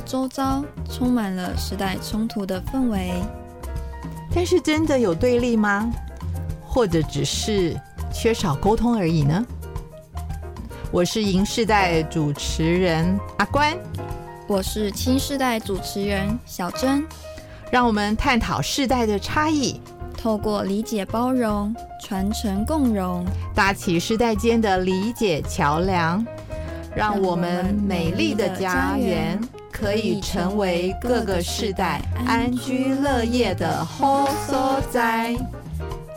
周遭充滿了時代衝突的氛圍，但是真的有對立嗎？或者只是缺少溝通而已呢？我是銀世代主持人阿娟，我是青世代主持人小真，讓我們探討世代的差異，透過理解、包容、傳承、共榮，搭起世代間的理解橋梁，讓我們美麗的家園。可以成為各個世代安居樂業的好所在。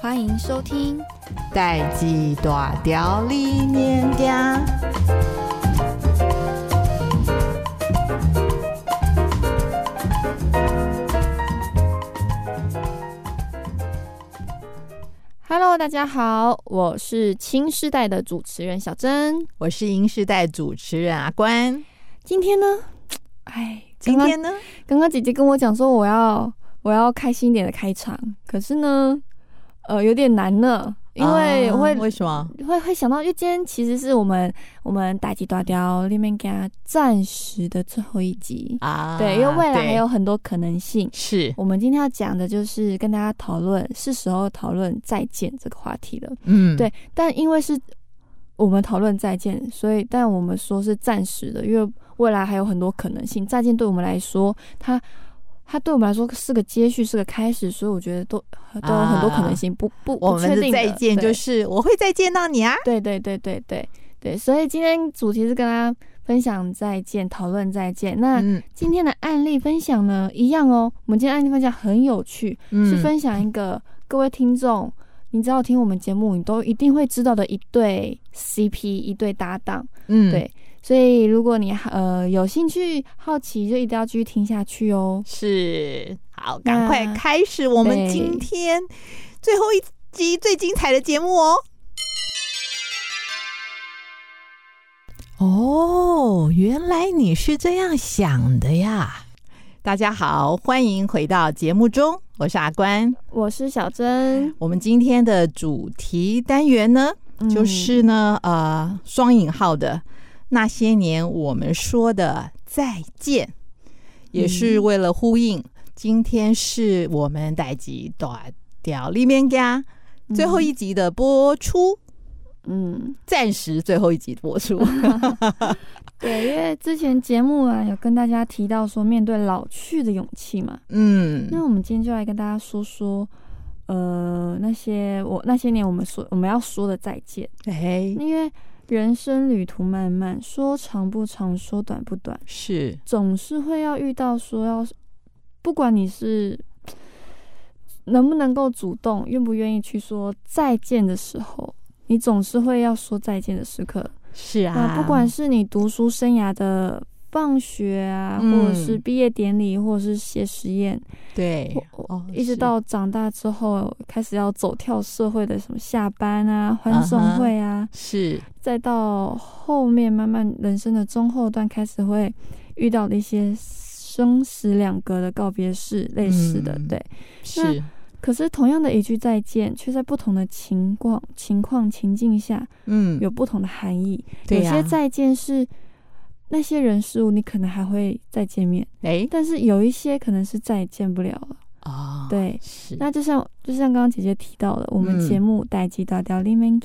歡迎收聽《代際大調理念家》。Hello，大家好，我是青世代的主持人小真，我是銀世代主持人阿娟，今天呢？哎，今天呢，剛剛姐姐跟我講說，我要我要開心一點的開場，可是呢，呃，有點難呢，因為我會、啊、為什麼？會會想到，因為今天其實是我們我們大吉大雕裡面給他暫時的最後一集啊，對，因為未來還有很多可能性。是，我們今天要講的就是跟大家討論，是時候討論再見這個話題了。嗯，對，但因為是我們討論再見，所以但我們說是暫時的，因為。未來還有很多可能性，再見對我們來說，它它對我們來說是個接續，是個開始，所以我覺得都都有很多可能性。啊、不不，不確定，我們再見就是我會再見到你啊！對對對對對對，對，所以今天主題是跟大家分享再見，討論再見。那今天的案例分享呢、嗯，一樣哦，我們今天案例分享很有趣，嗯、是分享一個各位聽眾，你只要聽我們節目，你都一定會知道的一對 CP，一對搭檔，嗯，對。所以，如果你呃有興趣、好奇，就一定要繼續聽下去哦。是，好，趕快開始我們今天最後一集最精彩的節目哦。哦，原來你是這樣想的呀！大家好，歡迎回到節目中，我是阿娟，我是小真。我們今天的主題單元呢，就是呢，嗯、呃，雙引號的。那些年我們說的再見，也是為了呼應、嗯、今天是我們待機短調裡面的最後一集的播出。嗯，暫時最後一集播出。嗯、 對，因為之前節目啊有跟大家提到說，面對老去的勇氣嘛。嗯，那我們今天就來跟大家說說，呃，那些我那些年我們說我們要說的再見。哎，因為。人生旅途漫漫，說長不長，說短不短，是總是會要遇到說要，不管你是能不能夠主動，願不願意去說再見的時候，你總是會要說再見的時刻。是啊，啊不管是你讀書生涯的。放學啊，或者是畢業典禮、嗯，或者是謝師宴。對、哦，一直到長大之後開始要走跳社會的什麼下班啊、歡送會啊，uh -huh, 是，再到後面慢慢人生的中後段開始會遇到的一些生死兩隔的告別式類似的，嗯、對是。那可是同樣的一句再見，卻在不同的情況、情況情境下，嗯，有不同的含義。對啊、有些再見是。那些人事物，你可能還會再見面，哎、欸，但是有一些可能是再也見不了了啊。對，是。那就像就像剛剛姐姐提到了，嗯、我們節目《待機打掉》l i m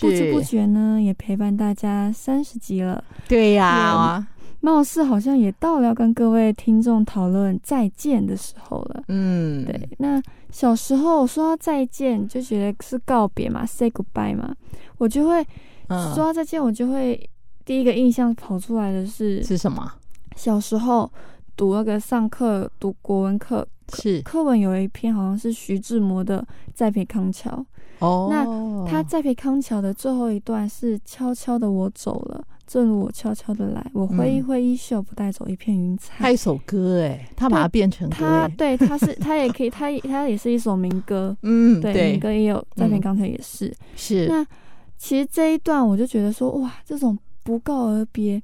不知不覺呢也陪伴大家三十集了。對呀、啊嗯啊，貌似好像也到了要跟各位聽眾討論再見的時候了。嗯，對。那小時候說再見，就覺得是告別嘛，say goodbye 嘛，我就會、啊、說再見，我就會。第一個印象跑出來的是是什麼？小時候讀那個上課讀國文課是課文，有一篇好像是徐志摩的在《再別康橋》哦，那他在別康橋的最後一段是悄悄的我走了，正如我悄悄的來，我揮一揮衣袖，不帶走一片雲彩。他、嗯、一首歌哎、欸，他把它變成歌、欸他，對，他是他也可以， 他他也是一首民歌，嗯，對，民歌也有《再、嗯、別康橋》也是是。那其實這一段我就覺得說哇，這種。不告而別，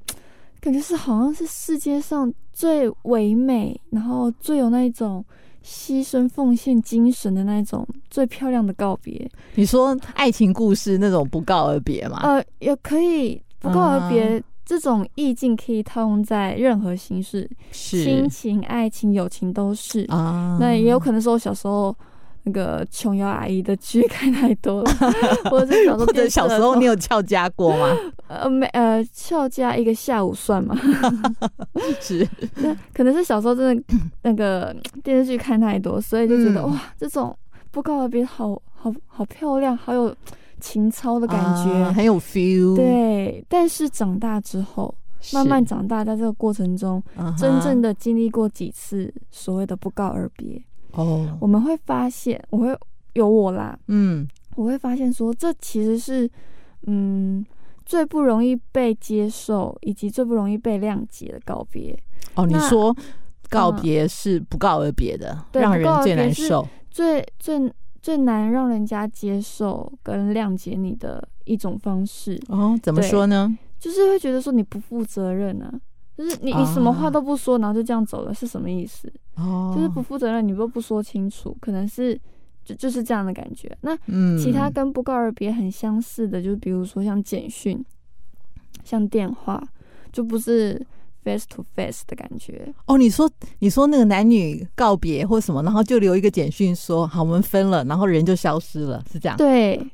感覺是好像是世界上最唯美，然後最有那種犧牲奉獻精神的那種最漂亮的告別。你說愛情故事那種不告而別嗎？呃，也可以不告而別、嗯，這種意境可以套用在任何形式，親情、愛情、友情都是啊、嗯。那也有可能是我小時候。那個瓊瑤阿姨的劇看太多了， 或者小時候時候 或者小時候你有翹家過嗎？呃，沒，呃，翹家一個下午算嗎？ 是，可能是小時候真的那個電視劇看太多，所以就覺得、嗯、哇，這種不告而別，好好好漂亮，好有情操的感覺，uh, 很有 feel。對，但是長大之後，慢慢長大在這個過程中，uh -huh、真正的經歷過幾次所謂的不告而別。哦，我們會發現，我會有我啦。嗯，我會發現說，這其實是，嗯，最不容易被接受以及最不容易被諒解的告別。哦，你說告別是不告而別的，嗯，讓人最難受，對，最最最難讓人家接受跟諒解你的一種方式。哦，怎麼說呢？就是會覺得說你不負責任啊。就是你，oh. 你什麼話都不說，然後就這樣走了，是什麼意思？哦，oh，就是不負責任，你都不說清楚，可能是就就是這樣的感覺。那其他跟不告而別很相似的，就比如說像簡訊、像電話，就不是 face to face 的感覺。哦，oh，你說你說那個男女告別或什麼，然後就留一個簡訊說好，我們分了，然後人就消失了，是這樣？對。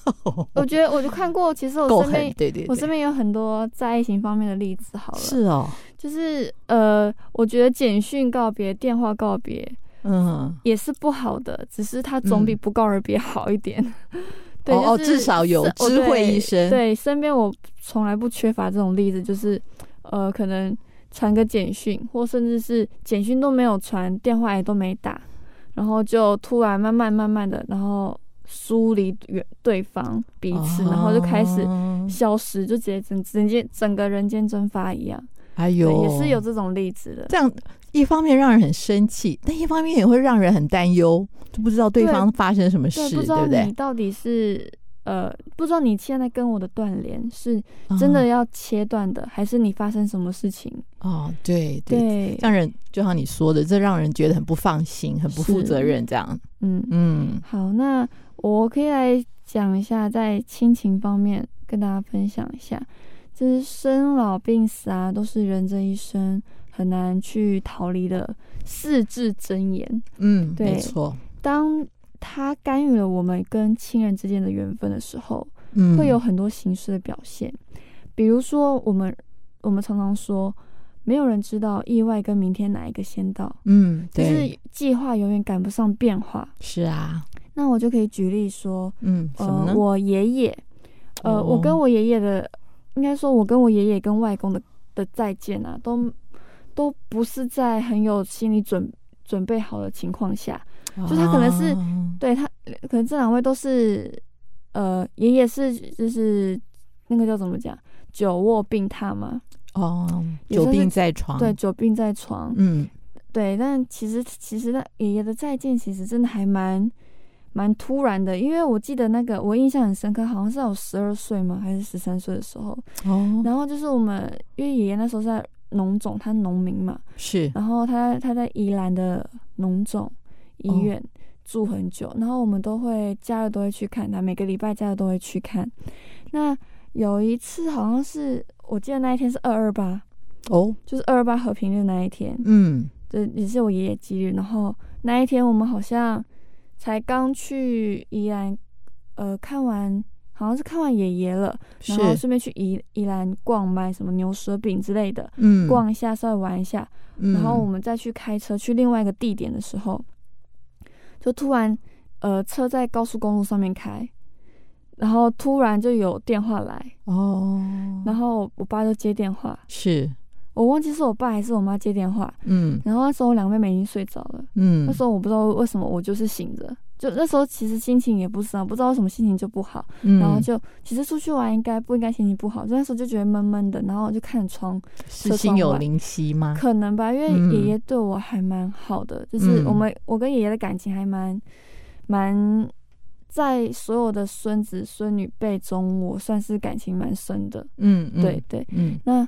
我覺得我就看過，其實我身邊我身邊有很多在愛情方面的例子。好了，是哦，就是呃，我覺得簡訊告別、電話告別，嗯，也是不好的，只是他總比不告而別好一點。嗯、 對、就是哦哦，至少有知會一聲對，對，身邊我從來不缺乏這種例子，就是呃，可能傳個簡訊，或甚至是簡訊都沒有傳，電話也都沒打，然後就突然慢慢慢慢的，然後。疏離遠對方彼此，然後就開始消失，就直接整直接整，整個人間蒸發一樣。哎呦，也是有這種例子的。這樣一方面讓人很生氣，但一方面也會讓人很擔憂，就不知道對方發生什麼事，對不對？不知道你到底是對對呃，不知道你現在跟我的斷聯是真的要切斷的，嗯，還是你發生什麼事情？哦，對對，對，讓人就像你說的，這讓人覺得很不放心，很不負責任。這樣，嗯嗯，好，那。我可以來講一下，在親情方面跟大家分享一下，就是生老病死啊，都是人這一生很難去逃離的四字箴言。嗯，對，沒錯。當他干預了我們跟親人之間的緣分的時候，嗯，會有很多形式的表現。比如說，我們我們常常說，沒有人知道意外跟明天哪一個先到。嗯，對。就是計劃永遠趕不上變化。是啊。那我就可以舉例說，嗯，呃，我爺爺，呃，我，爺爺呃 oh. 我跟我爺爺的，應該說，我跟我爺爺跟外公的的再見啊，都都不是在很有心理準準備好的情況下，就他可能是、oh. 對他，可能這兩位都是，呃，爺爺是就是那個叫怎麼講，久臥病榻嘛，哦、oh. 就是，久病在床，對，久病在床，嗯，對，但其實其實他爺爺的再見，其實真的還蠻。蠻突然的，因為我記得那個，我印象很深刻，好像是我十二歲嘛，還是十三歲的時候？哦、oh.。然後就是我們，因為爺爺那時候是在榮總，他榮民嘛，是。然後他他在宜蘭的榮總醫院住很久，oh. 然後我們都會假日都會去看他，每個禮拜假日都會去看。那有一次好像是我記得那一天是二二八哦，就是二二八和平日那一天，嗯，這也是我爺爺忌日。然後那一天我們好像。才剛去宜蘭，呃，看完好像是看完爺爺了，然後順便去宜宜蘭逛，買什麼牛舌餅之類的，嗯、逛一下，稍微玩一下、嗯，然後我們再去開車去另外一個地點的時候，就突然呃車在高速公路上面開，然後突然就有電話來，哦，然後我爸就接電話，是。我忘記是我爸還是我媽接電話，嗯，然後那時候我兩妹妹已經睡着了，嗯，那時候我不知道為什麼我就是醒着，就那時候其實心情也不是不知道為什麼心情就不好，嗯、然後就其實出去玩應該不應該心情不好，就那時候就覺得悶悶的，然後就看窗，窗是心有靈犀嗎？可能吧，因為爺爺對我還蠻好的，就是我們、嗯、我跟爺爺的感情還蠻蠻在所有的孫子孫女輩中，我算是感情蠻深的，嗯，嗯對對，嗯、那。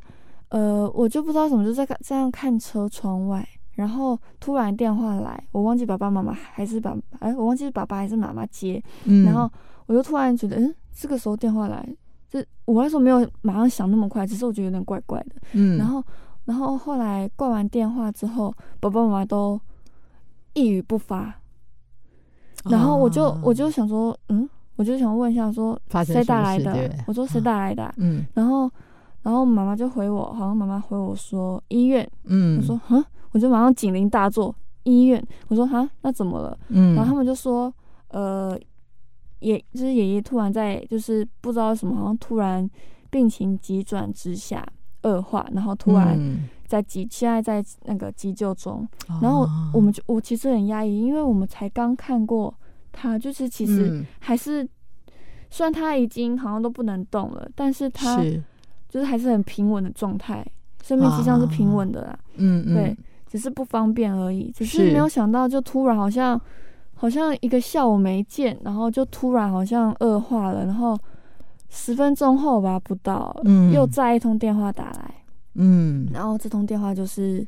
呃，我就不知道怎麼就在這樣看車窗外，然後突然電話來，我忘記爸爸媽媽還是爸哎、欸，我忘記爸爸還是媽媽接，嗯、然後我就突然覺得，嗯、欸，這個時候電話來，這我那時候沒有馬上想那麼快，只是我覺得有點怪怪的，嗯、然後然後後來掛完電話之後，爸爸媽媽都一語不發，然後我就、啊、我就想說，嗯，我就想問一下說，誰打來的、啊？啊、我說誰打來的、啊？嗯、啊，然後。然後媽媽就回我，好像媽媽回我說醫院，嗯，我說，哼，我就馬上警鈴大作，醫院，我說哈，那怎麼了？嗯，然後他們就說，呃，也就是爺爺突然在，就是不知道什麼，好像突然病情急轉直下惡化，然後突然在急、嗯、現在在那個急救中，然後我們就、啊、我其實很壓抑，因為我們才剛看過他，就是其實還是雖然、嗯、他已經好像都不能動了，但是他。是就是還是很平穩的狀態，生命跡象是平穩的啦。啊、對，嗯，嗯，對，只是不方便而已，只是沒有想到，就突然好像好像一個下午沒見，然後就突然好像惡化了，然後十分鐘後吧，不到，嗯，又再一通電話打來，嗯，然後這通電話就是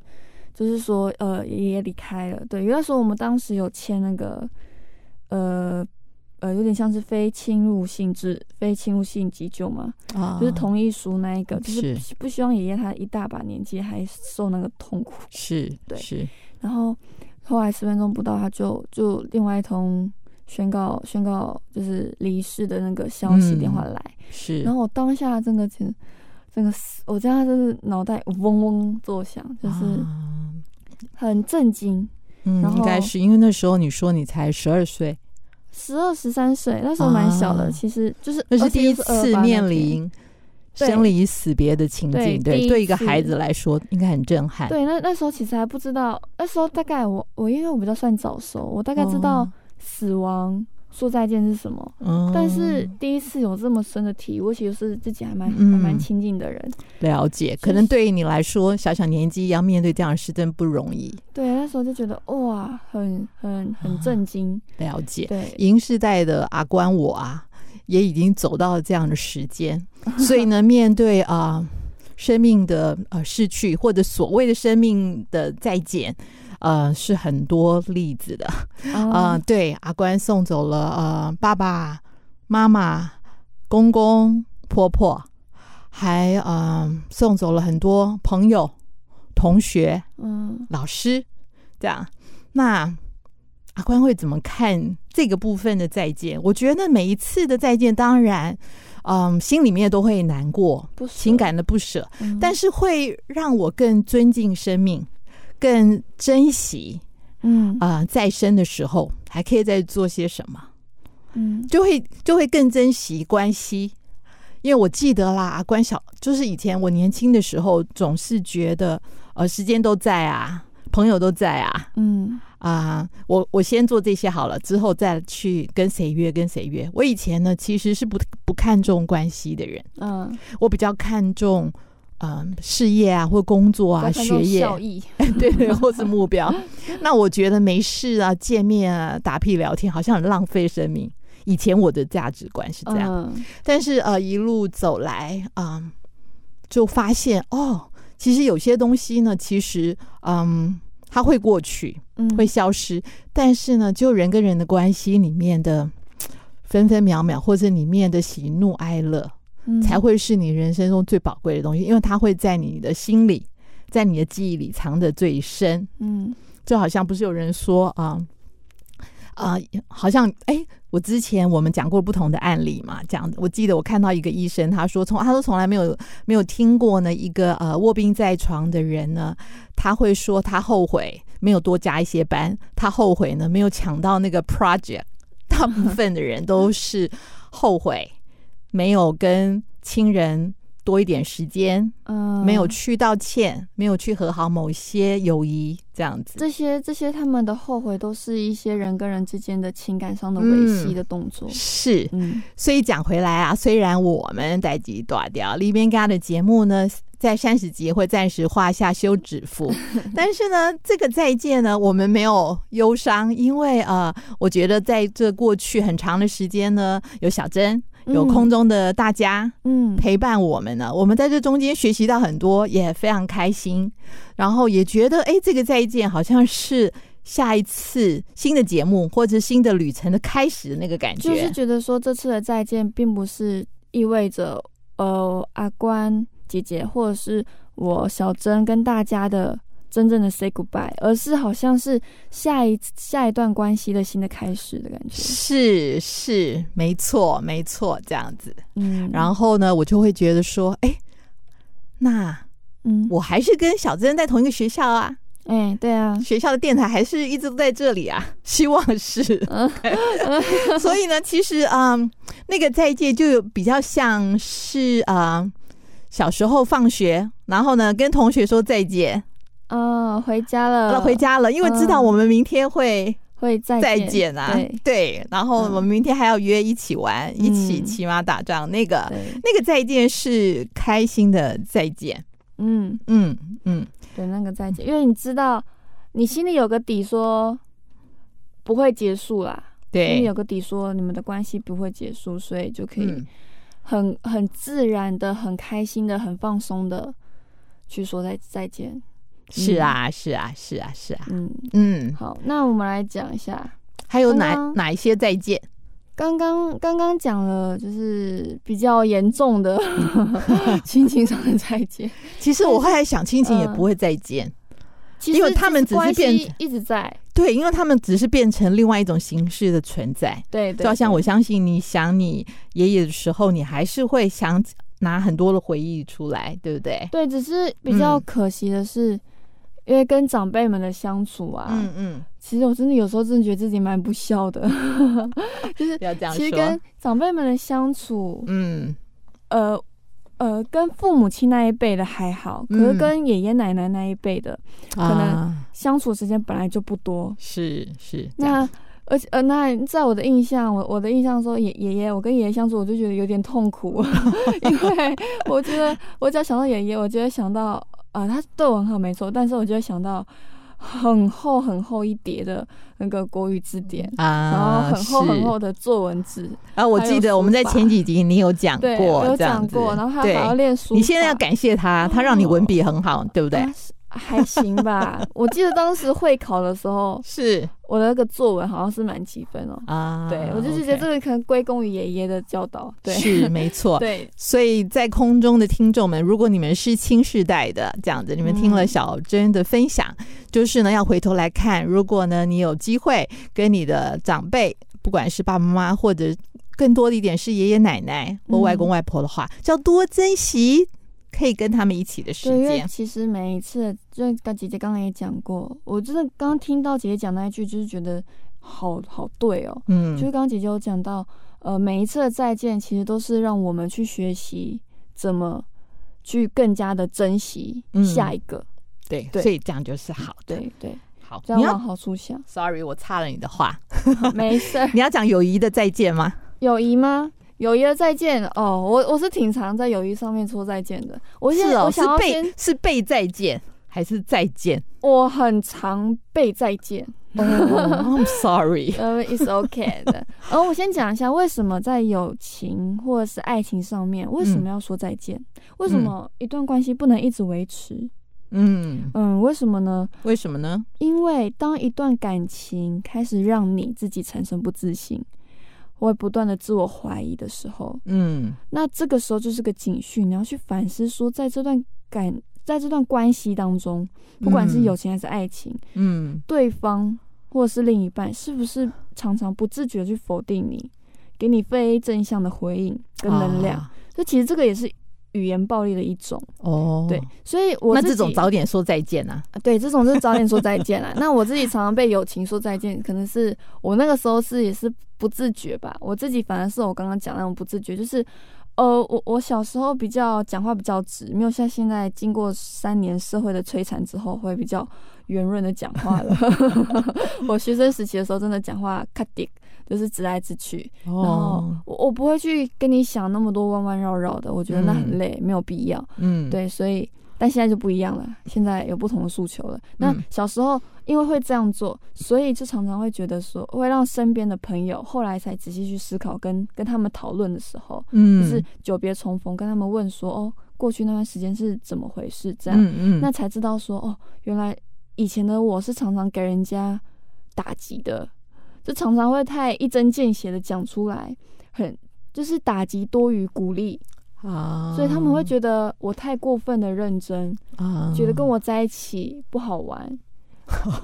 就是說，呃，爺爺離開了。對，因為說我們當時有簽那個，呃。呃，有點像是非侵入性質、非侵入性急救嘛，啊、就是同意書那一個，就是不希望爺爺他一大把年紀還受那個痛苦。是，對，是。然後後來十分鐘不到，他就就另外一通宣告宣告就是離世的那個消息電話來。嗯、是。然後我當下真的，這個，真，真的，我真他就是腦袋嗡嗡作響，就是很震驚。嗯、啊，應該是因為那時候你說你才十二歲。十二十三歲，那時候蠻小的。啊、其實，就是，就是那是第一次面臨生離死別的情景，對對。對，對一個孩子來說，應該很震撼。對，那那時候其實還不知道。那時候大概我我因為我比較算早熟，我大概知道死亡。哦說再見是什麼、嗯，但是第一次有這麼深的體會，我其實是自己還蠻、嗯、還蠻親近的人，了解。就是、可能對於你來說，小小年紀要面對這樣的事，真不容易。對，那時候就覺得哇，很很很震驚、啊。了解，對銀時代的阿娟，我啊，也已經走到了這樣的時間，所以呢，面對啊 生命的呃失去，或者所謂的生命的再見。呃，是很多例子的。啊、oh. 呃，對，阿娟送走了呃爸爸媽媽、公公婆婆，還嗯、呃、送走了很多朋友、同學、嗯、oh. 老師，這樣。那阿娟會怎麼看這個部分的再見？我覺得每一次的再見，當然，嗯、呃，心裡面都會難過，不捨、情感的不捨，oh. 但是會讓我更尊敬生命。更珍惜，嗯啊、呃，在生的時候還可以再做些什麼，嗯，就會就會更珍惜關係，因為我記得啦，關小就是以前我年輕的時候，總是覺得呃時間都在啊，朋友都在啊，嗯啊、呃，我我先做這些好了，之後再去跟誰約跟誰約。我以前呢其實是不不看重關係的人，嗯，我比較看重。嗯，事業啊，或工作啊，學業，效益，對 對，或是目標， 那我覺得沒事啊，見面啊，打屁聊天，好像很浪費生命。以前我的價值觀是這樣，嗯、但是呃，一路走來啊、呃，就發現哦，其實有些東西呢，其實嗯，它會過去，嗯，會消失、嗯，但是呢，就人跟人的關係裡面的分分秒秒，或者裡面的喜怒哀樂。才會是你人生中最寶貴的東西，因為它會在你的心裡，在你的記憶裡藏得最深。嗯，就好像不是有人說啊，啊、呃呃，好像哎、欸，我之前我們講過不同的案例嘛，講我記得我看到一個醫生他，他說從他說從來沒有沒有聽過呢，一個呃臥病在床的人呢，他會說他後悔沒有多加一些班，他後悔呢沒有搶到那個 project。大部分的人都是後悔。嗯嗯沒有跟親人多一點時間，嗯，沒有去道歉，沒有去和好某些友誼，這樣子。這些這些，他們的後悔都是一些人跟人之間的情感上的維繫的動作。嗯、是，嗯。所以講回來啊，雖然我們得幾斷掉，李邊哥的節目呢，在三十集會暫時畫下休止符， 但是呢，這個再見呢，我們沒有憂傷，因為呃，我覺得在這過去很長的時間呢，有小珍。有空中的大家，嗯，陪伴我們呢。嗯嗯、我們在這中間學習到很多，也非常開心。然後也覺得，哎、欸，這個再見好像是下一次新的節目或者是新的旅程的開始的那個感覺。就是覺得說，這次的再見並不是意味着，呃，阿娟姐姐或者是我小真跟大家的。真正的 say goodbye，而是好像是下一下一段關係的新的開始的感覺，是是沒錯沒錯，這樣子，嗯，然後呢，我就會覺得說，哎、欸，那嗯，我還是跟小真在同一個學校啊，哎、欸，對啊，學校的電台還是一直都在這裡啊，希望是， 嗯、 所以呢，其實嗯，那個再見就比較像是嗯，小時候放學，然後呢，跟同學說再見。嗯、哦，回家了，啊，回家了，因為知道我們明天會再見、啊、會再見啊，對，然後我們明天還要約一起玩，嗯、一起騎馬打仗，那個那個再見是開心的再見，嗯嗯嗯，對，那個再見，因為你知道你心裡有個底說，說不會結束啦，對，因為有個底說你們的關係不會結束，所以就可以很、嗯、很自然的、很開心的、很放鬆的去說再再見。是啊，嗯、是啊，是啊，是啊，是啊。嗯嗯，好，那我們來講一下，還有哪剛剛哪一些再見？剛剛剛剛講了，就是比較嚴重的親情上的再見。其實我後來想，親情也不會再見、呃，因為他們只是變一直在。對，因為他們只是變成另外一種形式的存在。對，對，對，就好像我相信，你想你爺爺的時候，你還是會想拿很多的回憶出來，對不對？對，只是比較可惜的是。嗯。因為跟長輩們的相處啊，嗯嗯，其實我真的有時候真的覺得自己蠻不孝的， 就是其實跟長輩們的相處，嗯，呃，呃，跟父母親那一輩的還好，可是跟爺爺奶奶那一輩的、嗯，可能相處時間本來就不多，是、啊、是。那而且呃，那在我的印象，我我的印象說，爺爺爺，我跟爺爺相處，我就覺得有點痛苦， 因為我覺得我只要想到爺爺，我就想到。啊，他對我很好，沒錯。但是我就想到很厚很厚一疊的那個國語字典啊，然後很厚很厚的作文字啊，啊。我記得我們在前幾集你有講過這樣子，有講過，然後他還要練書。你現在要感謝他，哦，他讓你文筆很好，對不對？啊 還行吧，我記得當時會考的時候，是我的那個作文好像是滿級分哦。啊，對，我就是覺得這個可能歸功於爺爺的教導，對，是沒錯。 對，所以在空中的聽眾們，如果你們是青世代的這樣子，你們聽了小真的分享，嗯、就是呢要回頭來看，如果呢你有機會跟你的長輩，不管是爸爸媽媽或者更多的一點是爺爺奶奶或外公外婆的話，嗯、要多珍惜。可以跟他們一起的時間。對，因為其實每一次，就剛姐姐剛剛也講過，我真的剛剛聽到姐姐講那一句，就是覺得好好對哦。嗯，就是剛剛姐姐有講到，呃，每一次的再見，其實都是讓我們去學習怎麼去更加的珍惜下一個。嗯、對，對，所以這樣就是好的。對對，對，好，你要往好處想。Sorry，我插了你的話。 沒事。你要講友誼的再見嗎？友誼嗎？友誼的再見哦，我我是挺常在友誼上面說再見的。我現在，老是，哦，是被是被再見還是再見？我很常被再見。Oh, oh, I'm sorry.、Uh, it's okay. 嗯， 我先講一下為什麼在友情或者是愛情上面為什麼要說再見？嗯，為什麼一段關係不能一直維持？嗯嗯，為什麼呢？為什麼呢？因為當一段感情開始讓你自己產生不自信。我會不斷的自我懷疑的時候，嗯，那這個時候就是個警訊，你要去反思說，在這段感，在這段關係當中，不管是友情還是愛情，嗯，對方或是另一半，是不是常常不自覺的去否定你，給你非正向的回應跟能量？這、啊、其實這個也是。語言暴力的一種哦，oh, 對，所以我那這種早點說再見啊，對，這種就是早點說再見啊。 那我自己常常被友情說再見，可能是我那個時候是也是不自覺吧。我自己反而是我剛剛講那種不自覺，就是呃，我我小時候比較講話比較直，沒有像現在經過三年社會的摧殘之後，會比較圓潤的講話了。 我學生時期的時候，真的講話卡滴。就是直來直去，然後我我不會去跟你想那麼多彎彎繞繞的，我覺得那很累，嗯，沒有必要。嗯，對，所以但現在就不一樣了，現在有不同的訴求了。那小時候因為會這樣做，所以就常常會覺得說，會讓身邊的朋友後來才仔細去思考跟，跟跟他們討論的時候，嗯，就是久別重逢，跟他們問說，哦，過去那段時間是怎麼回事？這樣，那才知道說，哦，原來以前的我是常常給人家打擊的。就常常會太一針見血的講出來，很就是打擊多於鼓勵啊，所以他們會覺得我太過分的認真啊，覺得跟我在一起不好玩，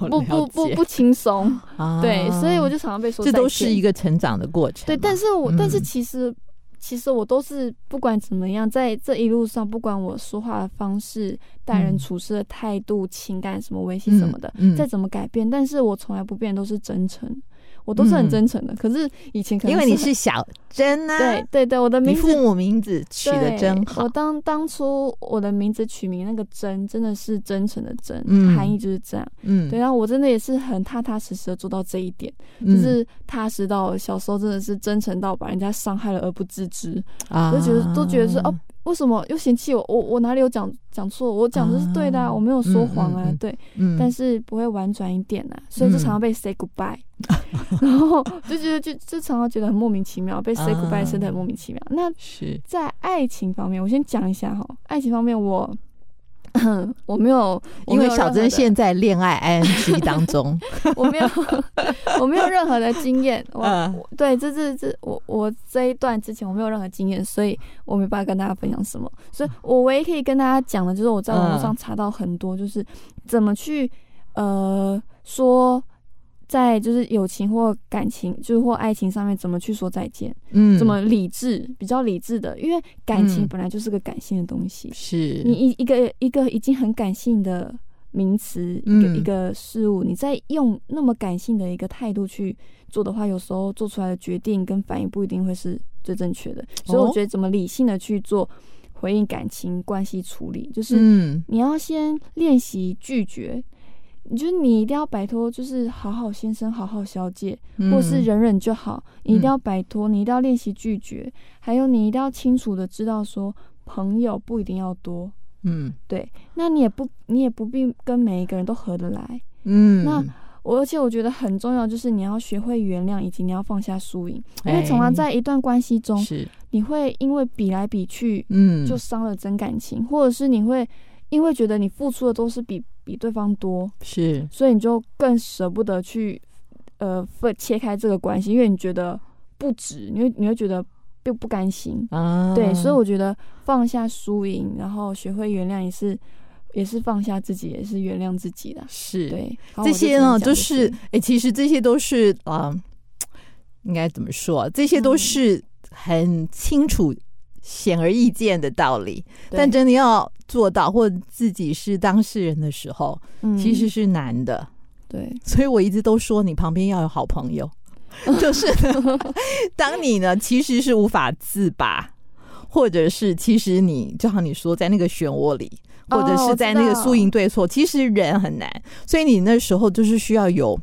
不不不不輕鬆、啊、對，所以我就常常被說，這都是一個成長的過程。對，但是我但是其實、嗯、其實我都是不管怎麼樣，在這一路上，不管我說話的方式、待人處事的態度、嗯、情感什麼、維繫什麼的、嗯嗯，再怎麼改變，但是我從來不變，都是真誠。我都是很真誠的，嗯、可是以前可能是因為你是小真吶、啊。對對對，我的名字，你父母名字取得真好。我當當初我的名字取名那個真，真的是真誠的真，含、嗯、義就是這樣。嗯，對，然後我真的也是很踏踏實實的做到這一點，嗯、就是踏實到小時候真的是真誠到把人家傷害了而不自知啊、嗯，就覺得、啊、都覺得是哦。為什麼又嫌棄我？我我哪裡有講講錯？我講的是對的啊，啊我沒有說謊啊，嗯嗯嗯、對、嗯。但是不會婉轉一點啊。所以就常常被 say goodbye、嗯、然後就覺得就就常常覺得很莫名其妙，啊、被 say goodbye 真的很莫名其妙。那在愛情方面，我先講一下哈，愛情方面我。嗯， 我沒有，因為小真現在戀愛 ING 當中 ，我沒有， 我沒有任何的經驗。 我對，這這這，我我這一段之前我沒有任何經驗，所以我沒辦法跟大家分享什麼。所以我唯一可以跟大家講的，就是我在網路上查到很多，就是怎麼去呃說。在就是友情或感情，就是、或愛情上面，怎麼去說再見？嗯，怎麼理智，比較理智的？因為感情本來就是個感性的東西，嗯、是。你一一個一個已經很感性的名詞、嗯，一個一個事物，你再用那麼感性的一個態度去做的話，有時候做出來的決定跟反應不一定會是最正確的、哦。所以我覺得怎麼理性的去做回應，感情關係處理，就是你要先練習拒絕。就是你一定要擺脫，就是好好先生，好好小姐，嗯、或是忍忍就好。你一定要擺脫、嗯，你一定要練習拒絕，還有你一定要清楚的知道，說朋友不一定要多，嗯，對。那你也不，你也不必跟每一個人都合得來，嗯。那我而且我覺得很重要，就是你要學會原諒，以及你要放下輸贏、欸，因為從而在一段關係中，你會因為比來比去，嗯，就傷了真感情、嗯，或者是你會因為覺得你付出的都是比。比對方多是，所以你就更捨不得去，呃，分切開這個關係，因為你覺得不值，你會你會覺得並不甘心啊。對，所以我覺得放下輸贏，然後學會原諒，也是，也是放下自己，也是原諒自己的。是對，就這些呢，是都是誒、欸，其實這些都是啊、呃，應該怎麼說啊？這些都是很清楚。嗯。顯而易見的道理，但真的要做到，或自己是當事人的時候，其實是難的，嗯。對，所以我一直都說，你旁邊要有好朋友， 就是呢 當你呢，其實是無法自拔，或者是其實你，就像你說，在那個漩渦裡，或者是在那個輸贏對錯，哦，其實人很難。所以你那時候就是需要有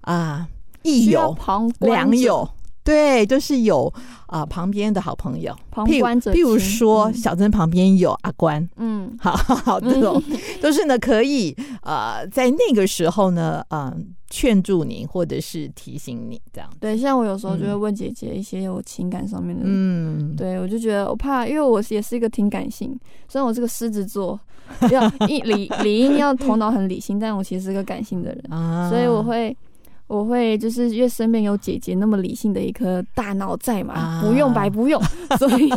啊益，呃，友，良友。對，就是有啊、呃，旁邊的好朋友，旁觀者譬。譬如說，小真旁邊有阿娟，嗯，好好的哦、嗯，就是呢可以啊、呃，在那個時候呢，嗯、呃，勸住你或者是提醒你這樣。對，像我有時候就會問姐姐一些有情感上面的，嗯，對，我就覺得我怕，因為我也是一個挺感性，雖然我是個獅子座，要 理理理應要頭腦很理性，但我其實是個感性的人，啊、所以我會。我會就是因為身邊有姐姐那麼理性的一顆大腦在嘛，不用白不用，所以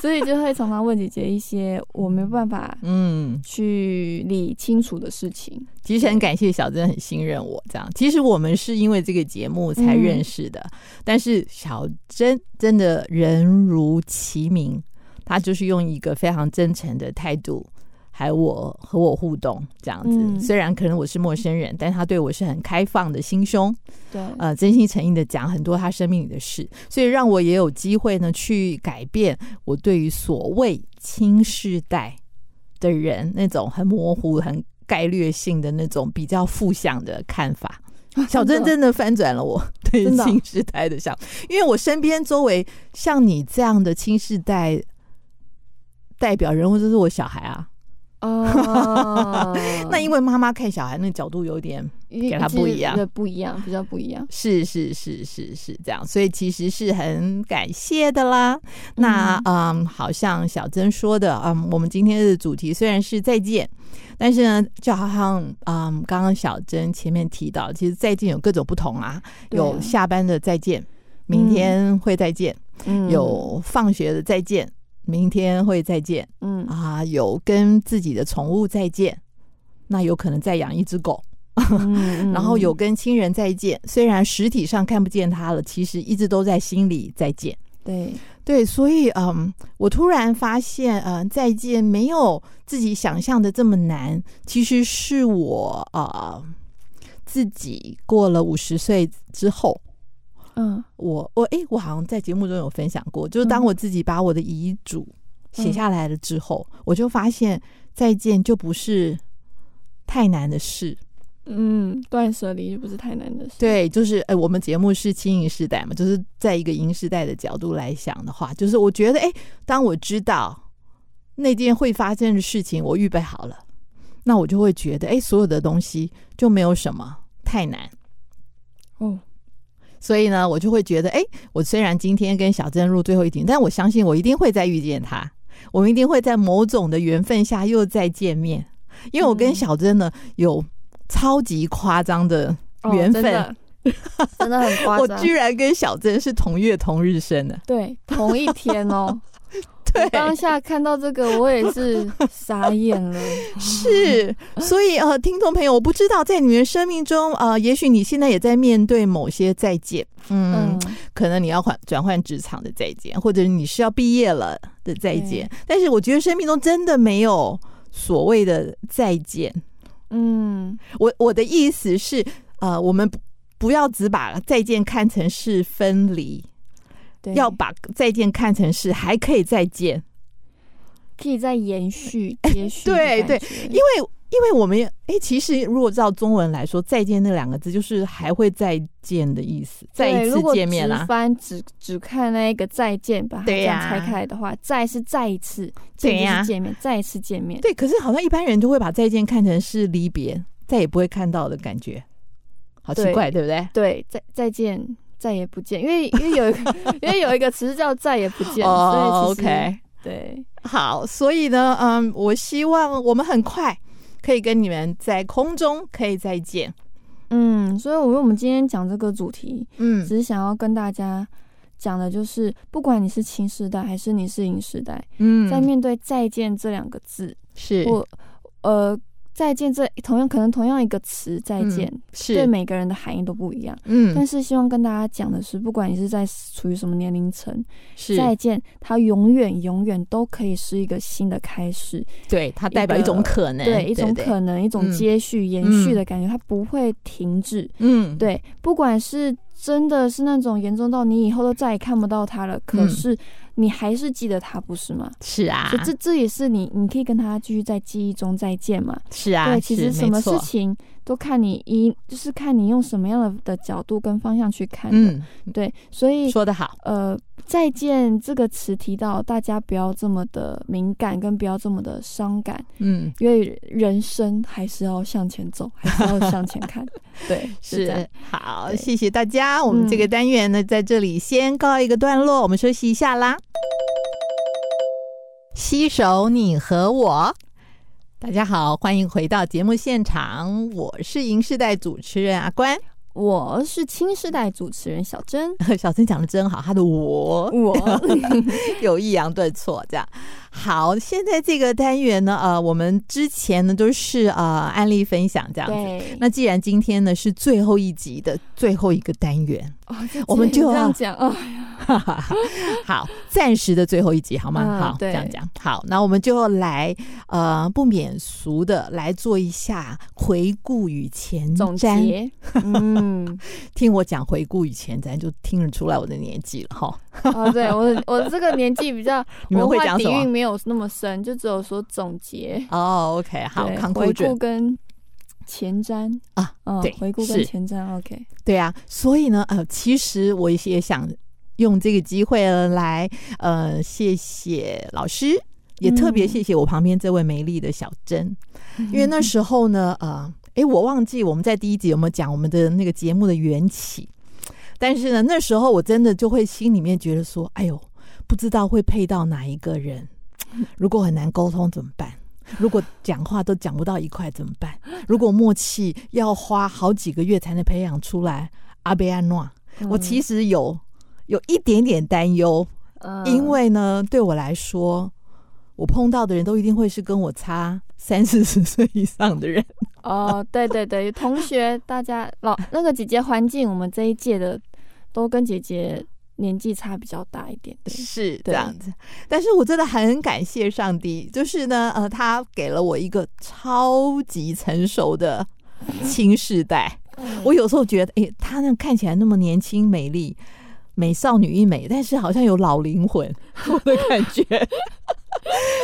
所以就會常常問姐姐一些我沒辦法嗯去理清楚的事情，嗯。其實很感謝小真很信任我這樣，其實我們是因為這個節目才認識的，嗯、但是小真真，真的人如其名，她就是用一個非常真誠的態度。還有我和我互動這樣子，雖然可能我是陌生人，但他對我是很開放的心胸，對呃，真心誠意的講很多他生命裡的事，所以讓我也有機會呢去改變我對於所謂青世代的人那種很模糊、很概略性的那種比較負向的看法。小真真的翻轉了我對青世代的想法，因為我身邊周圍像你這樣的青世代代表人物都是我小孩啊。哦， 那因為媽媽看小孩那個角度有點跟他不一樣，不一樣，比較不一樣。是是是是是這樣，所以其實是很感謝的啦。那嗯、呃，好像小真說的，嗯，我們今天的主題雖然是再見，但是呢，就好像嗯，剛剛小真前面提到，其實再見有各種不同啊，有下班的再見，明天會再見，有放學的再見。明天會再見。嗯啊，有跟自己的寵物再見，那有可能再養一隻狗、 嗯。然後有跟親人再見，雖然實體上看不見他了，其實一直都在心裡再見。對對，所以嗯，我突然發現，嗯、呃，再見沒有自己想象的這麼難。其實是我啊、呃、自己過了五十歲之後。嗯，我我哎、欸，我好像在節目中有分享過，就是當我自己把我的遺囑寫下來了之後，嗯、我就發現再見就不是太難的事。嗯，斷捨離不是太難的事。對，就是哎、欸，我們節目是輕盈時代嘛，就是在一個銀時代的角度來想的話，就是我覺得哎、欸，當我知道那件會發生的事情，我預備好了，那我就會覺得哎、欸，所有的東西就沒有什麼太難。哦。所以呢，我就會覺得，哎、欸，我雖然今天跟小真入最後一集，但我相信我一定會再遇見他，我們一定會在某種的緣分下又再見面。因為我跟小真呢、嗯、有超級誇張的緣分、哦真的，真的很誇張， 我居然跟小真是同月同日生的、啊，對，同一天哦。 對，當下看到這個，我也是傻眼了。 是，所以呃，聽眾朋友，我不知道在你們生命中，呃，也許你現在也在面對某些再見，嗯，嗯可能你要換轉換職場的再見，或者你是要畢業了的再見。但是我覺得生命中真的沒有所謂的再見。嗯我，我我的意思是，呃，我們不要只把再見看成是分離。要把再見看成是還可以再見，可以再延續，延續欸、對對，因為因為我們誒、欸，其實如果照中文來說，“再見”那兩個字就是還會再見的意思，再一次見面了，翻只只看那個“再見”，把它這樣拆開來的話，“啊、再”是再一次，再一次見面、啊，再一次見面。對，可是好像一般人就會把再見看成是離別，再也不會看到的感覺，好奇怪，對，對不對？對，再再見。再也不見，因為因為有因為有一個詞 叫再也不見， 所以其實、oh, ok 對，好，所以呢，嗯，我希望我們很快可以跟你們在空中可以再見。嗯，所以我們我們今天講這個主題，嗯，只是想要跟大家講的就是，不管你是青世代還是你是銀世代，嗯，在面對再見這兩個字，是我呃。再見，這同樣可能同樣一個詞“再見、嗯是”，對每個人的含義都不一樣。嗯，但是希望跟大家講的是，不管你是在處於什麼年齡層，再見，它永遠永遠都可以是一個新的開始。對，它代表一種可能，一個，對，一種可能，對對對，一種接續、嗯、延續的感覺，它不會停止。嗯，對，不管是真的是那種嚴重到你以後都再也看不到它了，可是。嗯你還是記得他不是嗎？是啊，所以這這也是你，你可以跟他繼續在記憶中再見嘛？是啊，對，其實什麼事情都看你一，就是看你用什麼樣的的角度跟方向去看的。嗯，對，所以說得好，呃，再見這個詞提到，大家不要這麼的敏感，跟不要這麼的傷感。嗯，因為人生還是要向前走，還是要向前看。 對，是。好，謝謝大家，我們這個單元呢、嗯、在這裡先告一個段落，我們休息一下啦。攜手你和我，大家好，歡迎回到節目現場。我是銀世代主持人阿娟，我是青世代主持人小真。小真講的真好，他的我我 有抑揚頓挫，這樣。好，現在這個單元呢，呃，我們之前呢都是呃案例分享這樣子。那既然今天呢是最後一集的最後一個單元。我們就這樣講，啊樣講哦、呀 好，暫時的最後一集好嗎？好，嗯、這樣講好，那我們就來呃，不免俗的來做一下回顧與前瞻總結。嗯， 聽我講回顧與前瞻，咱就聽得出來我的年紀了哈。啊、哦，對我我這個年紀比較文化底 蘊沒有那麼深，就只有說總結。哦，OK，好、Conclusion，回顧跟。前瞻啊，嗯、哦，回顧跟前瞻，OK，對啊，所以呢，呃，其實我也想用這個機會來，呃，謝謝老師，也特別謝謝我旁邊這位美麗的小真，嗯、因為那時候呢，呃，哎，我忘記我們在第一集有沒有講我們的那個節目的緣起，但是呢，那時候我真的就會心裡面覺得說，哎呦，不知道會配到哪一個人，如果很難溝通怎麼辦？如果講話都講不到一塊怎麼辦？如果默契要花好幾個月才能培養出來，阿貝安諾，我其實有有一點點擔憂、嗯，因為呢，對我來說、呃，我碰到的人都一定會是跟我差三四十歲以上的人。 哦，對對對，同學，大家 老那個姐姐環境，我們這一屆的都跟姐姐，年紀差比較大一點，是這樣子。但是我真的很感謝上帝，就是呢，呃，他給了我一個超級成熟的青世代。嗯，我有時候覺得，哎、欸，他那看起來那麼年輕美麗，美少女一枚，但是好像有老靈魂，我的感覺。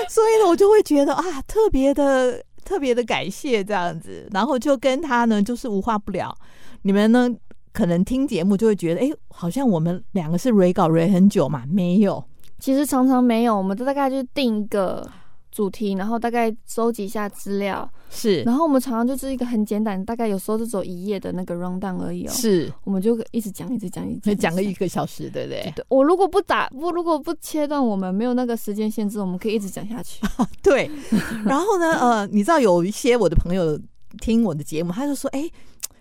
所以呢，我就會覺得啊，特別的、特別的感謝這樣子，然後就跟他呢就是無話不聊。你們呢？可能聽節目就會覺得，哎、欸，好像我們兩個是 re 搞 re 很久嘛？沒有，其實常常沒有，我們就大概就定一個主題，然後大概收集一下資料，是，然後我們常常就是一個很簡單，大概有時候就走一頁的那個 rundown 而已哦。是，我們就一直講，一直講，一直講，講個一個小時，對不對？對。我如果不打，不如果不切斷，我們沒有那個時間限制，我們可以一直講下去。啊、對。 然後呢，呃，你知道有一些我的朋友聽我的節目，他就說，哎、欸。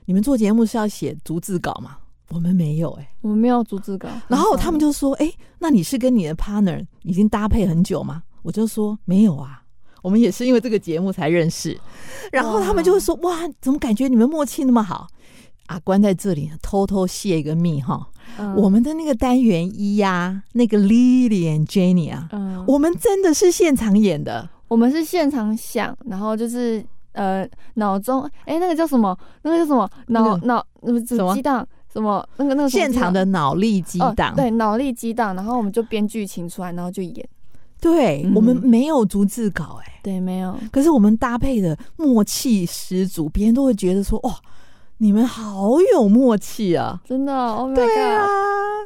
你們做節目是要寫逐字稿嗎？我們沒有哎、欸，我們沒有逐字稿。然後他們就說：“哎、嗯嗯欸，那你是跟你的 partner 已經搭配很久嗎？”我就說：“沒有啊，我們也是因為這個節目才認識。”然後他們就會說哇：“哇，怎麼感覺你們默契那麼好？”啊，關在這裡偷偷泄一個密哈、嗯。我們的那個單元一呀、啊，那個 Lily and Jenny 啊、嗯，我們真的是現場演的。我們是現場想，然後就是。呃，腦中，哎、欸，那個叫什麼？那個叫什麼？腦腦、那個什,什，那個那個、什麼激盪？什麼那個那個？現場的腦力激盪、呃，對，腦力激盪。然後我們就編劇情出來，然後就演。對、嗯、我們沒有逐字稿、欸，哎，對，沒有。可是我們搭配的默契十足，別人都會覺得說，哦。你們好有默契啊！真的，Oh my God, 對啊，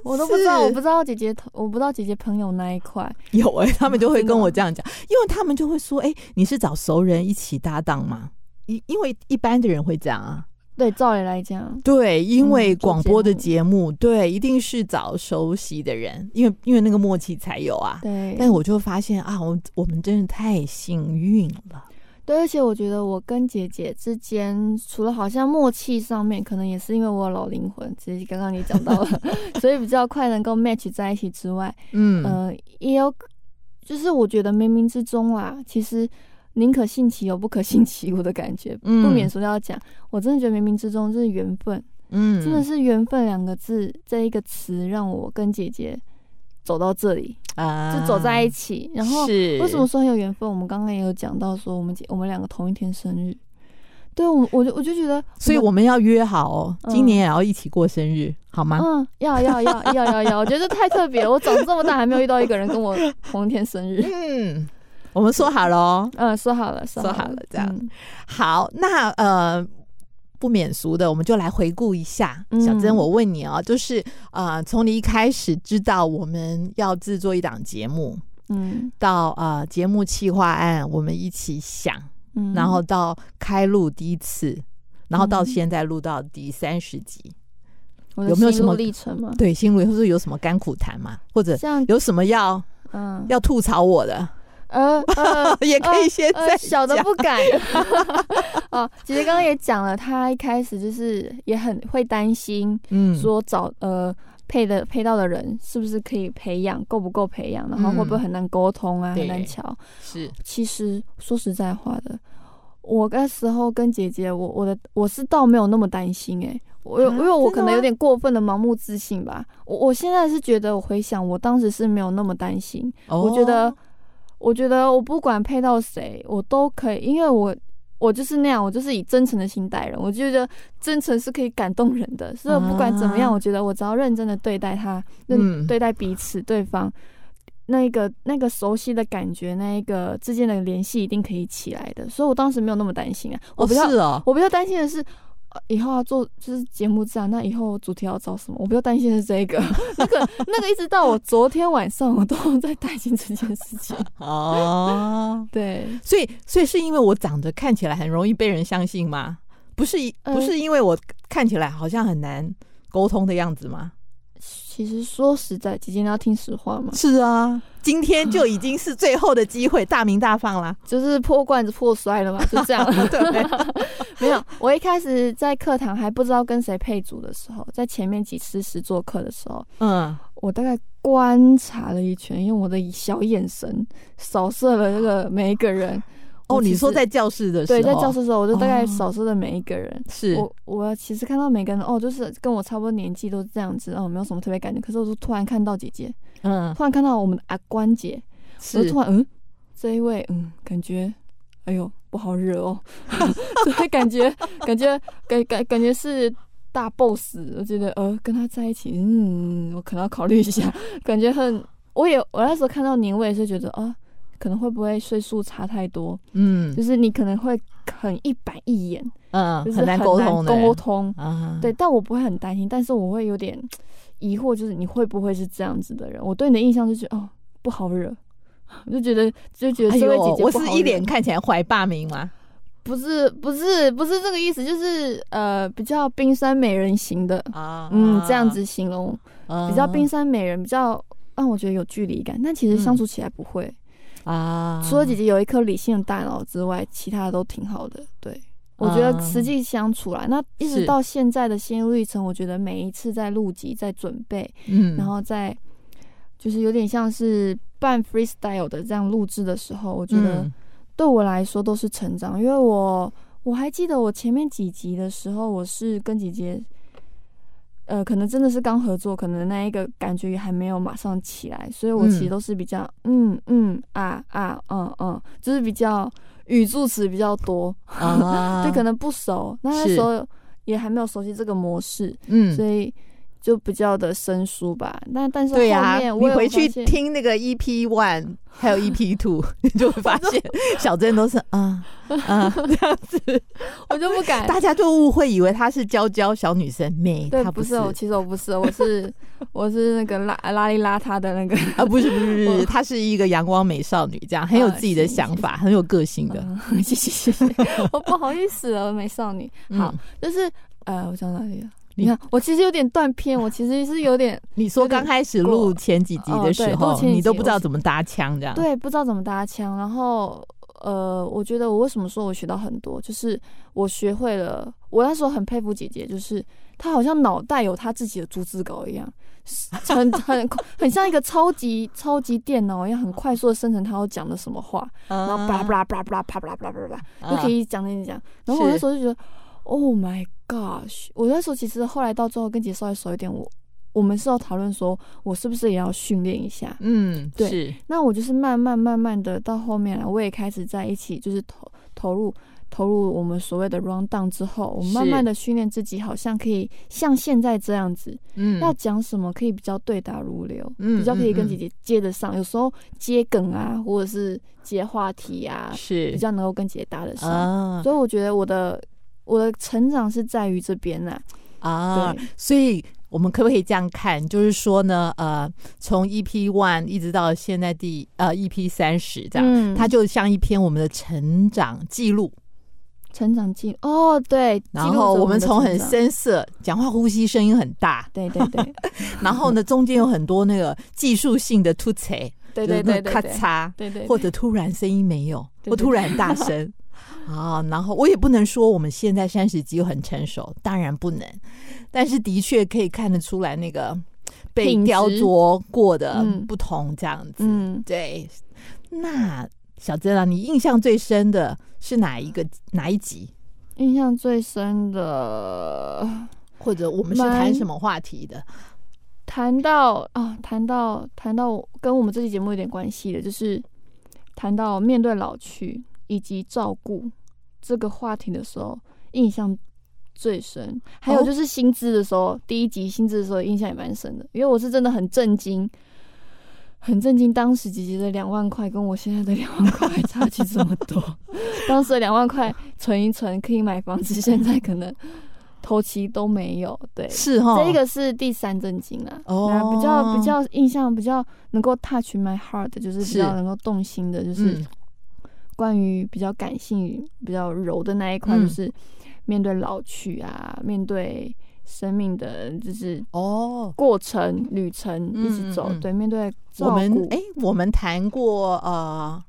我都不知道，我不知道姐姐，我不知道姐姐朋友那一塊有哎、欸，他們就會跟我這樣講，因為他們就會說，哎、欸，你是找熟人一起搭檔嗎？因因為一般的人會這樣啊，對，照理來講，對，因為廣播的節目，嗯，就節目，對，一定是找熟悉的人，因為因為那個默契才有啊。對，但是我就發現啊，我我們真的太幸運了。對，而且我覺得我跟姐姐之間，除了好像默契上面，可能也是因為我有老靈魂，其實剛剛你講到了， 所以比較快能夠 match 在一起之外，嗯，呃，也有，就是我覺得冥冥之中啊，其實寧可信其有不可信其無的感覺，不免說要講，我真的覺得冥冥之中就是緣分，嗯，真的是緣分兩個字這一個詞讓我跟姐姐走到這裡。啊、uh，就走在一起，然後為什麼說很有緣分？我們剛剛也有講到說我，我們我們兩個同一天生日，對我我就我就覺得，所以我們要約好哦、嗯，今年也要一起過生日，好嗎？嗯，要要要要要要，要要要 我覺得太特別了，我長這麼大還沒有遇到一個人跟我同一天生日。 嗯，我們說好了，嗯說好了，說好了，說好了，這樣。嗯、好，那呃。不免俗的，我們就來回顧一下。小真，嗯，我問你哦、啊，就是啊，從、呃、你一開始知道我們要制作一檔節目，嗯，到啊節、呃、目企劃案我們一起想，嗯，然後到開錄第一次，然後到現在錄到第三十集，嗯，有沒有什麼歷程嗎？對，心路歷程或者有什麼甘苦談嗎？或者有什麼要嗯要吐槽我的？呃、呃 也可以先再，呃呃、小的不敢。 哦，姐姐剛剛也講了，她一開始就是也很會擔心，嗯，說找呃配的配到的人是不是可以培養，夠不夠培養，然後會不會很難溝通啊，嗯、很難喬。是，其實說實在話的，我那時候跟姐姐，我我的我是倒沒有那麼擔心哎，欸啊，我有因為我可能有點過分的盲目自信吧。我，啊，我現在是覺得，我回想我當時是沒有那麼擔心，哦，我覺得。我覺得我不管配到誰，我都可以，因為我我就是那樣，我就是以真誠的心待人。我覺得真誠是可以感動人的，所以不管怎麼樣、啊，我覺得我只要認真的對待他，嗯，對待彼此對方，那個那個熟悉的感覺，那一個之間的聯繫一定可以起來的。所以我當時沒有那麼擔心啊，我比較、哦啊、我比較擔心的是。以後要做就是節目這樣。那以後主題要找什麼？我不要擔心是這個， 那個，那個，一直到我昨天晚上，我都在擔心這件事情。 哦， 對，所以，所以是因為我長得看起來很容易被人相信嗎？不是，呃、不是因為我看起來好像很難溝通的樣子嗎？其實說實在，姐姐你要聽實話嗎？是啊。今天就已經是最後的機會，大鳴大放啦，嗯，就是破罐子破摔了嘛？是這樣子 對？ 沒有，我一開始在課堂還不知道跟誰配組的時候，在前面幾次時做課的時候，嗯，我大概觀察了一圈，用我的小眼神掃射了這個每一個人。 哦、oh,，你說在教室的時候，對，在教室的時候，我就大概掃視的每一個人。是、哦，我我其實看到每個人，哦，就是跟我差不多年紀，都是這樣子，哦，沒有什麼特別感覺。可是，我就突然看到姐姐，嗯，突然看到我們的阿娟姐，我就突然嗯，這一位嗯，感覺哎呦不好惹哦， 所以感覺 感覺感感感覺是大 boss。我覺得呃、哦，跟他在一起，嗯，我可能要考慮一下。感覺很，我也我那時候看到您，我也是覺得啊。哦可能會不會歲數差太多，嗯，就是你可能會很一板一眼，嗯，就是，很難溝通溝通，對，但我不會很擔心，嗯，但是我會有點疑惑，就是你會不會是這樣子的人？我對你的印象就是哦，不好惹，我就覺得就覺得這位姐姐，哎，我是一臉看起來懷霸名嗎？不是，不是，不是這個意思，就是呃，比較冰山美人型的啊，嗯嗯，嗯，這樣子形容，嗯，比較冰山美人，比較讓、嗯，我覺得有距離感，但其實相處起來不會。嗯啊、uh，除了姐姐有一顆理性的大腦之外，其他的都挺好的。對，uh, 我覺得實際相處來、啊，那一直到現在的心路歷程，我覺得每一次在錄集、在準備，嗯，然後在就是有點像是半 freestyle 的這樣錄製的時候，我覺得對我來說都是成長。嗯、因為我我還記得我前面幾集的時候，我是跟姐姐。呃，可能真的是剛合作，可能那一個感覺也還沒有馬上起來，所以我其實都是比較嗯嗯，嗯，嗯啊啊嗯嗯，就是比較語助詞比較多，Uh-huh. 就可能不熟，那那時候也還沒有熟悉這個模式，嗯，所以。就比較的生疏吧，那但是後面我也發現對、啊、你回去聽那個 EP One 還有 EP Two， 你就會發現小真都是啊啊、 嗯嗯、這樣子，我就不敢，大家就誤會以為她是嬌嬌小女生妹，對她不是，不是，其實我不是，我是 我是那個邋邋 裡邋遢的那個啊，不是不是不是，她是一個陽光美少女，這樣很有自己的想法，啊、很有個性的，謝謝謝謝，我不好意思啊，美少女、嗯，好，就是呃，我講哪裡了？你，你看，我其實有點斷片，我其實是有點，有點，你說剛開始錄前幾集的時候，哦，你都不知道怎麼搭腔，這樣對，不知道怎麼搭腔。然後，呃，我覺得我為什麼說我學到很多，就是我學會了。我那時候很佩服姐姐，就是她好像腦袋有她自己的逐字稿一樣，很很很、很、很像一個超級超級電腦一樣，很快速的生成她要講的什麼話，然後啪啪啪啪啪啪啪啪啪啪，就可以講給你講。然後我那時候就覺得，Oh my god。Gosh，我那時候，其實後來到最後跟姐姐稍微熟一點我，我我們是要討論，說我是不是也要訓練一下？嗯，對。那我就是慢慢慢慢的到後面來我也開始在一起，就是投投入投入我們所謂的 rundown 之後，我慢慢的訓練自己，好像可以像現在這樣子，嗯，要講什麼可以比較對答如流，嗯，比較可以跟姐姐接得上，嗯、有時候接梗啊，或者是接話題啊，是比較能夠跟姐姐搭得上、啊。所以我覺得我的。我的成長是在於這邊呢，啊，嗯嗯嗯嗯嗯啊、所以我們可不可以這樣看？就是說呢，呃，從 EP one 一直到現在第呃 EP 三十這樣，它就像一篇我們的成長記錄，成長記錄哦，對，然後我們從很深色講話，呼吸聲音很大，對對對，然後呢，中間有很多那個技術性的突裁，對對對對，咔嚓，對對，或者突然聲音沒有，或突然大聲。啊、哦，然後我也不能說我們現在三十集很成熟，當然不能。但是的確可以看得出來，那個被雕琢過的不同，這樣子。嗯嗯、對。那小真啊，你印象最深的是哪一個哪一集？印象最深的，或者我們是談什麼話題的？談到啊，談到談到跟我們這期節目有點關係的，就是談到面對老去。以及照顧這個話題的時候，印象最深。還有就是薪資的時候，第一集薪資的時候印象也蠻深的，因為我是真的很震驚，很震驚當時姐姐的兩萬塊，跟我現在的兩萬塊還差距這麼多。當時的兩萬塊存一存可以買房子，現在可能頭期都沒有。對，是哈，這個是第三震驚啊。哦，比較比較印象，比較能夠 touch my heart，就是比較能夠動心的，就是。關於比較感性，比較柔的那一塊，就是面對老去啊，嗯、面對生命的，就是哦，過程、哦、旅程，一直走。嗯、對，面對我們哎，我們談、欸、過呃，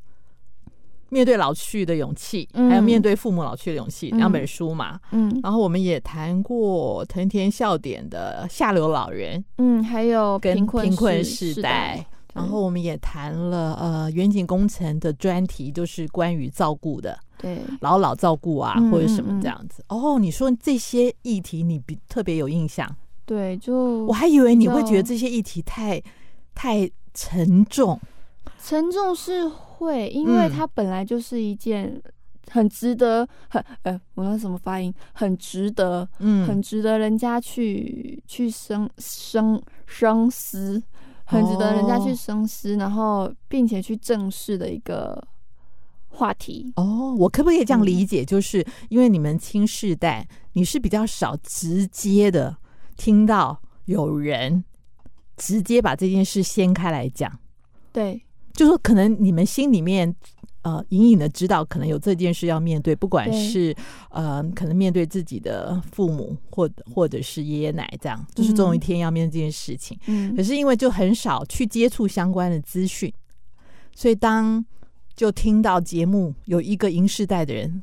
面對老去的勇氣、嗯，還有面對父母老去的勇氣，兩本書嘛。嗯，然後我們也談過藤田孝典的《下流老人》，嗯，還有貧《貧貧困世代》。然後我們也談了呃遠景工程的專題，就是關於照顧的，對，老老照顧啊、嗯、或者什麼這樣子。哦，你說這些議題你比特別有印象，對，就我還以為你會覺得這些議題太太沉重，沉重是會，因為它本來就是一件很值得、嗯、很呃、欸，我要怎麼發音，很值得，嗯、很值得人家去去深深深思。很值得人家去深思，哦，然後並且去正視的一個話題哦。我可不可以這樣理解，嗯、就是因為你們青世代，你是比較少直接的聽到有人直接把這件事掀開來講，對，就說、是、可能你們心裡面。呃，隱隱的知道可能有這件事要面對，不管是呃，可能面對自己的父母或者或者是爺爺奶奶這樣，嗯，就是總有一天要面對這件事情，嗯。可是因為就很少去接觸相關的資訊，所以當就聽到節目有一個銀世代的人，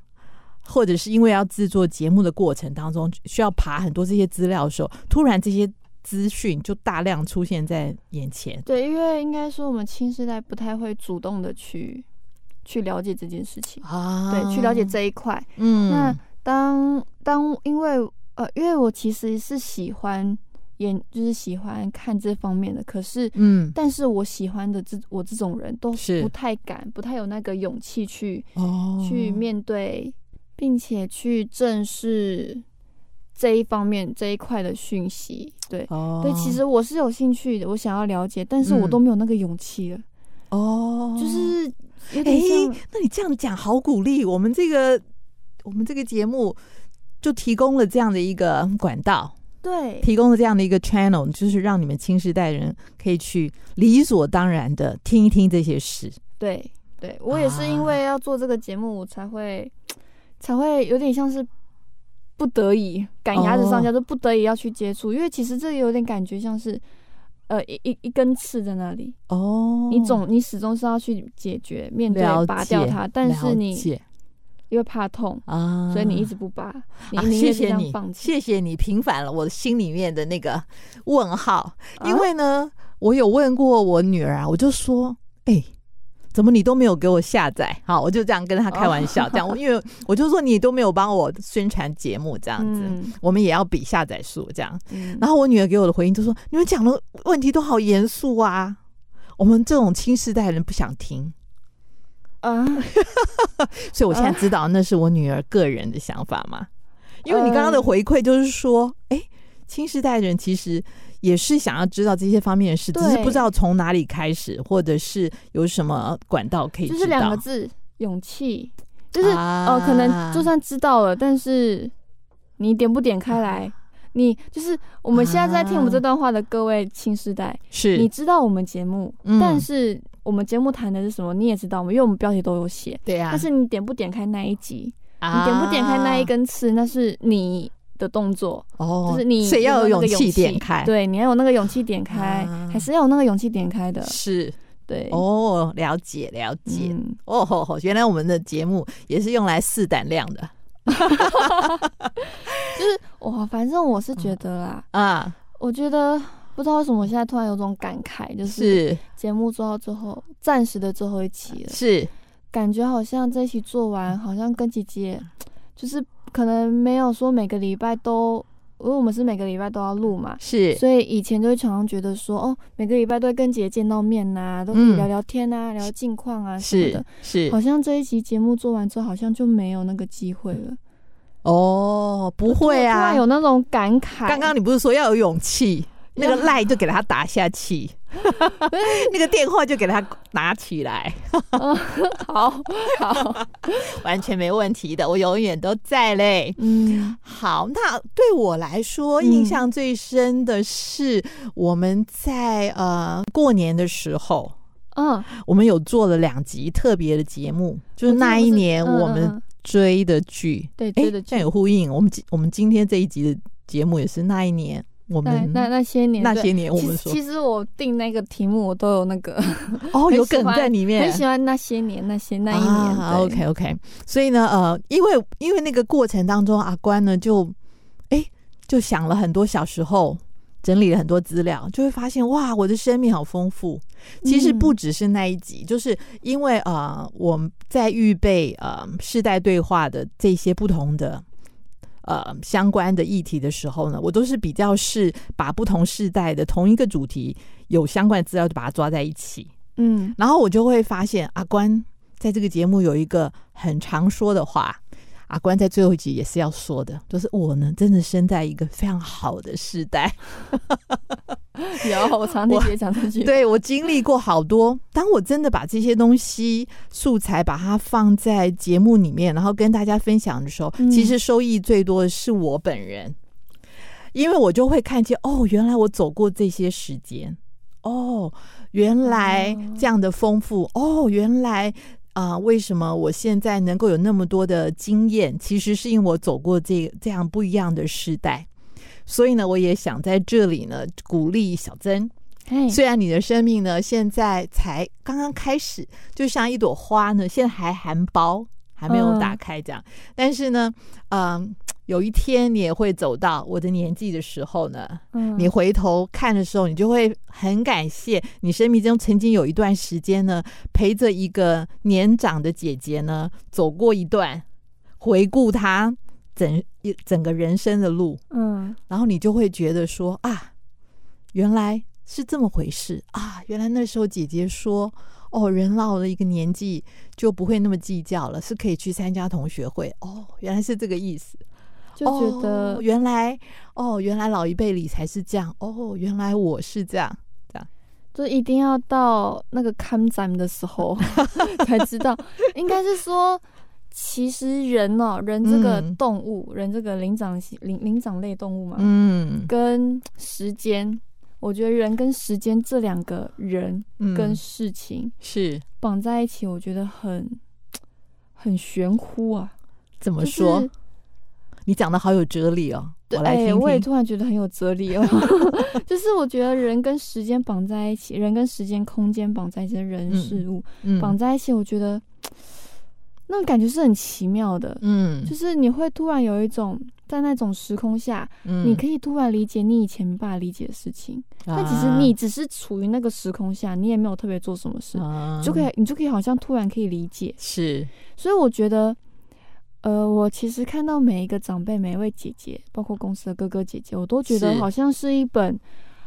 或者是因為要製作節目的過程當中需要爬很多這些資料的時候，突然這些資訊就大量出現在眼前。對，因為應該說我們青世代不太會主動的去。去了解這件事情，啊、對，去了解這一塊。嗯，那當當因為呃，因為我其實是喜歡演，就是喜歡看這方面的。可是，嗯，但是我喜歡的這我這種人都不太敢，不太有那個勇氣去、哦、去面對，並且去正視這一方面這一塊的訊息，對、哦。對，對，其實我是有興趣的，我想要了解，但是我都沒有那個勇氣了。哦、嗯，就是。誒、欸、那你這樣講好鼓勵我們這個，我們這個節目就提供了這樣的一個管道，對，提供了這樣的一個 channel，就是讓你們青世代人可以去理所當然的聽一聽這些事。對，對我也是因為要做這個節目，我才會、啊、才會有點像是不得已趕鴨子上架，就不得已要去接觸、哦，因為其實這裡有點感覺像是。呃，一一,一根刺在那裡哦、oh,，你總你始終是要去解決、面對、要拔掉它，但是你因為怕痛，為怕痛啊，所以你一直不拔你、啊你放。謝謝你，謝謝你平反了我心裡面的那個問號。因為呢，啊、我有問過我女兒、啊，我就說，哎、欸。怎麼你都沒有給我下載？好，我就這樣跟他開玩笑，oh, 這樣，因為我就說你都沒有幫我宣傳節目，這樣子， 我們也要比下載數，這樣、嗯。然後我女兒給我的回應就說：“你們講的問題都好嚴肅啊，我們這種青世代人不想聽。”啊，所以我現在知道那是我女兒個人的想法嘛？因為你剛剛的回饋就是說，哎、欸，青世代人其實。也是想要知道這些方面的事，只是不知道從哪裡開始，或者是有什麼管道可以知道。就是兩個字：勇氣。就是哦、啊呃，可能就算知道了，但是你點不點開來，啊、你就是我們現在在聽我們這段話的各位青世代，是你知道我們節目、嗯，但是我們節目談的是什麼你也知道嗎？因為我們標題都有寫。對呀、啊。但是你點不點開那一集，啊、你點不點開那一根刺，那是你。的動作哦，就是你，誰要有勇氣點開？對，你要有那個勇氣點開，啊，還是要有那個勇氣點開的？是，對哦，了解了解，嗯，哦，哦，原來我們的節目也是用來試膽量的， 就是哇，反正我是覺得啦，嗯，啊，我覺得不知道為什麼我現在突然有種感慨，就是節目做到最後，暫時的最後一期了，是感覺好像這一期做完，好像跟姐姐就是。可能沒有說每個禮拜都，因為我們是每個禮拜都要錄嘛，是，所以以前就會常常覺得說，哦，每個禮拜都會跟姐姐見到面吶、啊，都可以聊聊天啊，嗯、聊近況啊，是什麼的，是，好像這一集節目做完之後，好像就沒有那個機會了。哦，不會啊，突然有那種感慨。剛剛你不是說要有勇氣，那個賴就給他打下去。 那個電話就給他拿起來，好好，完全沒問題的，我永遠都在嘞。嗯，好，那對我來說印象最深的是我們在、嗯、呃過年的時候，嗯，我們有做了兩集特別的節目、嗯，就是那一年我們追的劇、嗯，對對，這樣、欸、有呼應。我們今我們今天這一集的節目也是那一年。我們那那那些年，那些年我們說，其實我定那個題目我都有那個哦， 有梗在裡面，很喜歡那些年、那些那一年、啊。OK OK，所以呢，呃，因為因為那個過程當中，阿娟呢就哎、欸、就想了很多小時候，整理了很多資料，就會發現哇，我的生命好豐富。其實不只是那一集，嗯、就是因為呃，我們在預備呃世代對話的這些不同的。呃，相關的議題的時候呢，我都是比較是把不同世代的同一個主題有相關資料，就把它抓在一起，嗯，然後我就會發現阿娟在這個節目有一個很常說的話。阿娟在最後一集也是要說的，就是我呢，真的生在一個非常好的時代。 有，我常聽你講這句，對我經歷過好多。當我真的把這些東西素材把它放在節目裡面，然後跟大家分享的時候，其實收益最多的是我本人，嗯、因為我就會看見哦，原來我走過這些時間，哦，原來這樣的豐富、啊，哦，原來。啊、uh,，為什麼我現在能夠有那麼多的經驗？其實是因為我走過這個、這樣不一樣的時代，所以呢，我也想在這裡呢鼓勵小真。Hey. 雖然你的生命呢現在才剛剛開始，就像一朵花呢，現在還含苞，還沒有打開這樣，uh. 但是呢，嗯。有一天你也會走到我的年紀的時候呢，嗯，你回頭看的時候，你就會很感謝你生命中曾經有一段時間呢，陪着一個年長的姐姐呢走過一段，回顧她整一整個人生的路，嗯，然後你就會覺得說啊，原來是這麼回事啊，原來那時候姐姐說，哦，人老了一個年紀就不會那麼計較了，是可以去參加同學會，哦，原來是這個意思。覺得、哦、原來哦，原來老一輩理財是這樣哦，原來我是這樣，這樣，就一定要到那個 come time 的時候 才知道。應該是說，其實人哦，人這個動物，嗯、人這個靈長靈靈長類動物嘛，嗯，跟時間，我覺得人跟時間這兩個人跟事情、嗯、是綁在一起，我覺得很很玄乎啊，怎麼說？就是你講得好有哲理哦！對，哎、欸，我也突然覺得很有哲理哦。 就是我覺得人跟時間綁在一起，人跟時間、空間綁在一起，人事物綁在一起，嗯嗯、我覺得那種感覺是很奇妙的。嗯，就是你會突然有一種在那種時空下、嗯，你可以突然理解你以前沒辦法理解的事情、嗯。但其實你只是處於那個時空下，你也沒有特別做什麼事，嗯、就可以你就可以好像突然可以理解。是，所以我覺得。呃，我其實看到每一個長輩、每一位姐姐，包括公司的哥哥姐姐，我都覺得好像是一本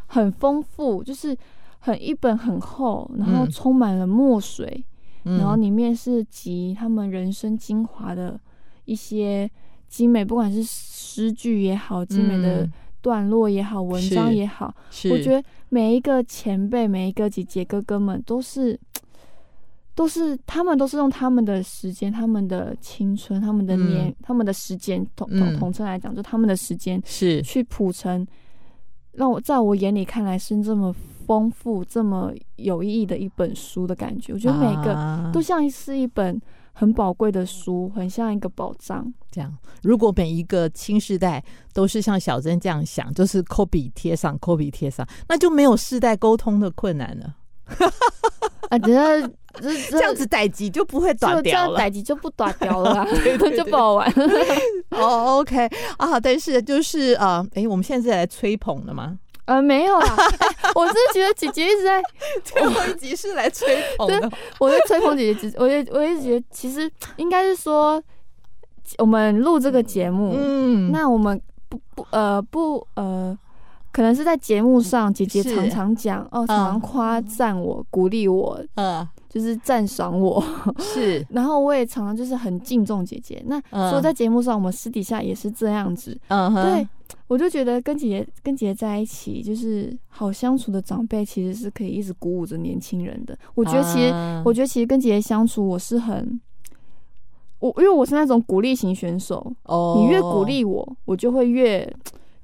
很豐富，就是很一本很厚，然後充滿了墨水、嗯，然後裡面是集他們人生精華的一些精美，不管是詩句也好、精美的段落也好、嗯、文章也好，我覺得每一個前輩、每一個姐姐、哥哥們都是。都是他們，都是用他們的時間、他們的青春、他們的年、嗯、他們的時間，統統統稱來講、嗯，就他們的時間是去鋪成，讓我在我眼裡看來是這麼豐富、這麼有意義的一本書的感覺。我覺得每個都像是一本很寶貴的書、啊，很像一個寶藏。這樣，如果每一個新世代都是像小真這樣想，就是 copy 貼上，copy 貼上，那就沒有世代溝通的困難了。哈哈哈！啊，等下這這樣子待機就不會短掉了，這樣待機就不短掉了，吧？就不好玩。 哦、oh,，OK 啊，但是就是啊，哎、呃，我們現在是來吹捧的嗎？呃，沒有啊， 哎、我是覺得姐姐一直在最後一集是來吹捧的，我，、就是、我是吹捧姐姐，我也我也覺得其實應該是說我們錄這個節目，嗯，那我們不不呃不呃。不呃可能是在節目上，姐姐常常講哦，常常誇讚我，嗯、鼓勵我，嗯，就是讚賞我。是，然後我也常常就是很敬重姐姐。那說在節目上，我們私底下也是這樣子。嗯，對，嗯我就覺得跟姐姐跟姐姐在一起就是好相處的長輩，其實是可以一直鼓舞着年輕人的。我覺得其實，嗯、我覺得其實跟姐姐相處，我是很，我因為我是那種鼓勵型選手哦，你越鼓勵我，我就會越。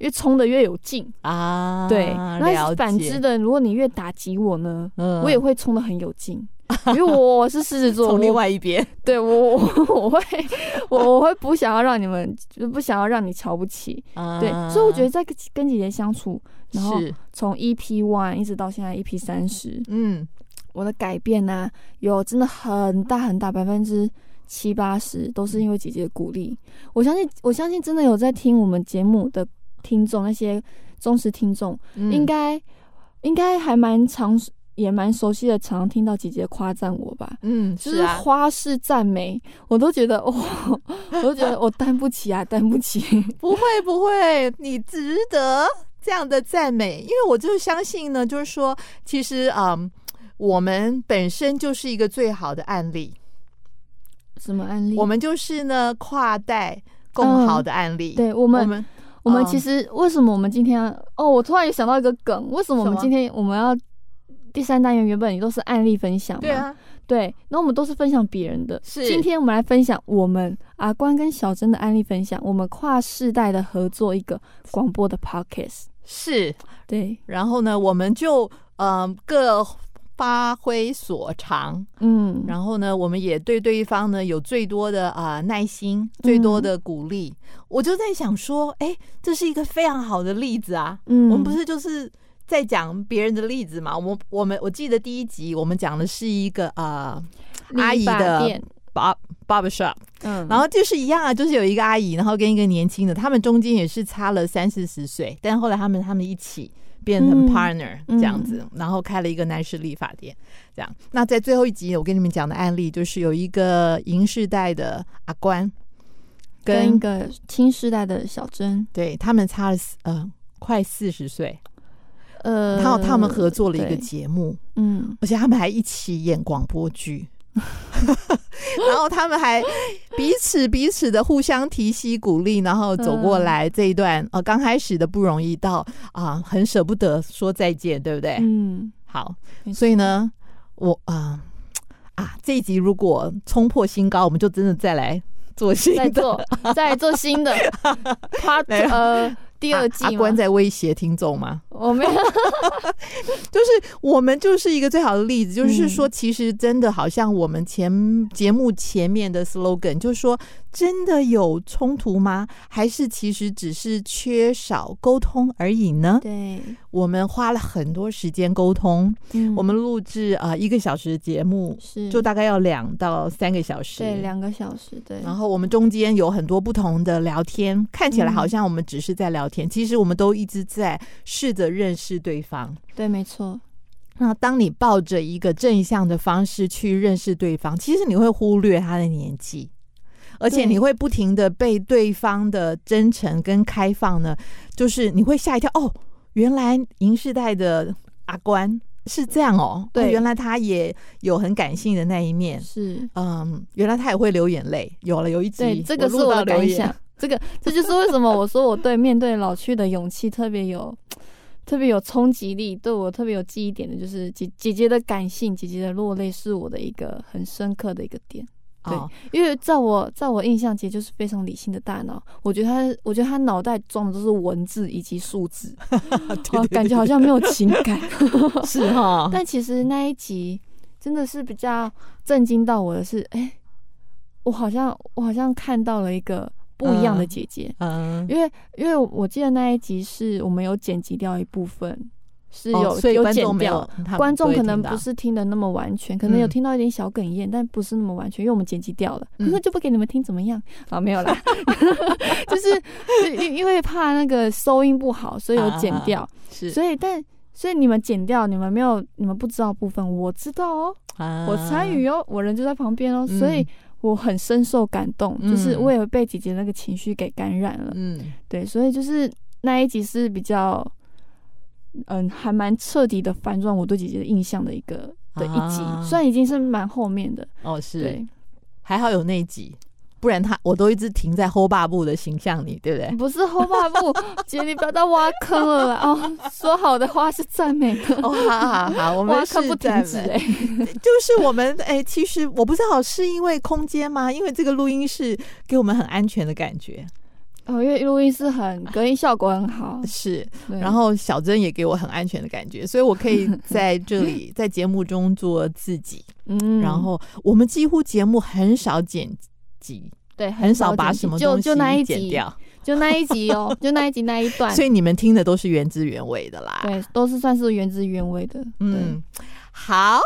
越衝的越有勁啊！對，那是反之的。如果你越打擊我呢，嗯、我也會衝的很有勁，嗯、因為我是獅子座，從 另外一邊。對我，我，我會，我我會不想要讓你們， 就不想要讓你瞧不起、啊。對，所以我覺得在跟姐姐相處，然後從 EP one 一直到現在 EP 三十，嗯，我的改變呢、啊，有真的很大很大，百分之七八十都是因為姐姐的鼓勵。我相信，我相信真的有在聽我們節目的。聽眾那些忠實聽眾、嗯、應該應該還蠻常也蠻熟悉的，常，常聽到姐姐誇讚我吧？嗯，就是、啊、花式讚美，我都覺得哦， 我都覺得我擔不起啊，擔 不起。不會不會，你值得這樣的讚美，因為我就相信呢，就是說，其實嗯，我們本身就是一個最好的案例。什麼案例？我們就是呢，跨代共好的案例。嗯、對，我們。我們我們其實，為什麼我們今天、啊 uh, 哦？我突然有想到一個梗，為什麼我們今天，我們要第三單元原本也都是案例分享，對、啊、對，那我們都是分享別人的，是今天我們來分享我們阿娟跟小真的案例分享，我們跨世代的合作一個廣播的 podcast 是，對，然後呢，我們就嗯、呃、各。發揮所長，嗯，然後呢，我們也對對方呢有最多的啊、呃、耐心，最多的鼓勵。嗯，我就在想說，哎，這是一個非常好的例子啊。嗯，我們不是就是在講別人的例子嘛？我們我們我記得第一集我們講的是一個啊、呃、阿姨的。bar barbershop 嗯，然後就是一樣啊，就是有一個阿姨，然後跟一個年輕的，他們中間也是差了三四十歲，但後來他們他們一起變成 partner、嗯嗯、這樣子，然後開了一個男士理髮店，這樣。那在最後一集，我跟你們講的案例，就是有一個銀世代的阿娟，跟，跟一個青世代的小真，對他們差了四，嗯、呃，快四十歲，呃，他他們合作了一個節目，嗯，而且他們還一起演廣播劇。 然後他們還彼此彼此的互相提攜鼓勵，然後走過來這一段，剛、嗯呃、開始的不容易到啊、呃，很舍不得說再見，對不對？嗯，好，嗯、所以呢，嗯、我啊、呃、啊，這一集如果衝破新高，我們就真的再來做新的，再做，再做新的，他 呃第二季嗎？啊，阿娟在威脅聽眾嗎？我沒有 就是我們就是一個最好的例子，就是說，其實真的好像我們前節目前面的 slogan，就是說。真的有衝突嗎？還是其實只是缺少溝通而已呢？對，我們花了很多時間溝通。嗯，我們錄製啊，呃，一個小時的節目，是就大概要兩到三個小時。對，兩個小時。對。然後我們中間有很多不同的聊天，看起來好像我們只是在聊天，嗯，其實我們都一直在試着認識對方。對，沒錯。那當你抱着一個正向的方式去認識對方，其實你會忽略他的年紀。而且你會不停的被對方的真誠跟開放呢，就是你會嚇一跳哦，原來銀世代的阿娟是這樣哦，對，原來他也有很感性的那一面，是，嗯，原來他也會流眼淚，有了，有一集，這個是我留一下，這個，這就是為什麼我說我對面對老去的勇氣特別有，特別有衝擊力，對我特別有記憶點的，就是姐姐姐的感性，姐姐的落淚是我的一個很深刻的一個點。對，oh. 因為在我在我印象其實就是非常理性的大腦。我覺得他，我覺得他腦袋裝的都是文字以及數字 、啊，感覺好像沒有情感， 是哈、哦。但其實那一集真的是比較震驚到我的是，哎、欸，我好像我好像看到了一個不一樣的姐姐。嗯、uh, uh-huh. 因為因為我記得那一集是我們有剪輯掉一部分。是有，哦、所以有剪掉，觀眾沒有他，觀眾可能不是聽的那麼完全、嗯，可能有聽到一點小哽咽，但不是那麼完全，因為我們剪輯掉了、嗯呵呵，就不給你們聽怎麼樣？啊、哦，沒有啦， 就是因因為怕那個收音不好，所以有剪掉，是、啊，所以但所以你們剪掉，你們沒有，你們不知道的部分，我知道哦、喔啊，我參與哦，我人就在旁邊哦、喔嗯，所以我很深受感動、嗯，就是我也被姐姐那個情緒給感染了，嗯，對，所以就是那一集是比較。嗯，還蠻徹底的反轉我對姐姐的印象的一個的一集，啊、雖然已經是蠻後面的哦，是，還好有那一集，不然他我都一直停在後半部的形象裡，對不對？不是後半部，姐你不要再挖坑了啦 哦，說好的話是讚美的，哦。好好好，我們是挖坑不讚美。欸，就是我們哎、欸，其實我不知道是因為空間嗎？因為這個錄音室給我們很安全的感覺。哦，因為錄音是很隔音效果很好，是。然後小真也給我很安全的感覺，所以我可以在這裡 在節目中做自己。嗯，然後我們幾乎節目很少剪輯，對，很，很少把什麼東西就就那一集剪掉，就那一集哦， 就那一集那一段，所以你們聽的都是原汁原味的啦。對，都是算是原汁原味的。嗯，好。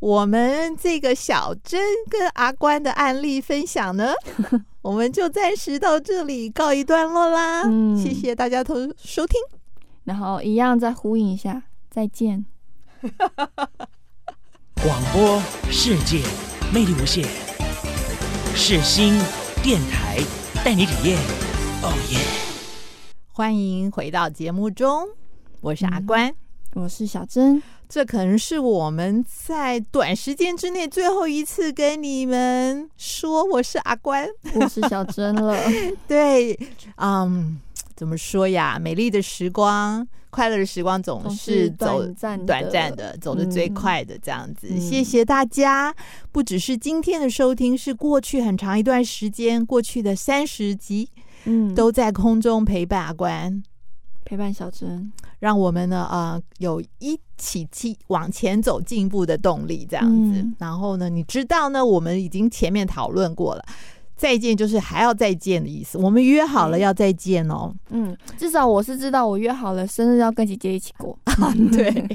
我們這個小真跟阿娟的案例分享呢， 我們就暫時到這裡告一段落啦。嗯、謝謝大家收收聽，然後一樣再呼應一下，再見。 廣播世界魅力無限，世新電台帶你體驗。o、oh yeah、歡迎回到節目中，我是阿娟，嗯、我是小真。這可能是我們在短時間之內最後一次跟你們說，我是阿娟，我是小真了。 對，嗯，怎麼說呀？美麗的時光，快樂的時光總是，總是短暫的，短暫的，走得最快的這樣子，嗯。謝謝大家，不只是今天的收聽，是過去很長一段時間，過去的三十集，嗯、都在空中陪伴阿娟。陪伴小真，讓我們呢，啊、呃、有一起去往前走，進步的動力，這樣子，嗯。然後呢，你知道呢，我們已經前面討論過了，再見就是還要再見的意思。我們約好了要再見哦。嗯，至少我是知道，我約好了生日要跟姐姐一起過啊。嗯、 對。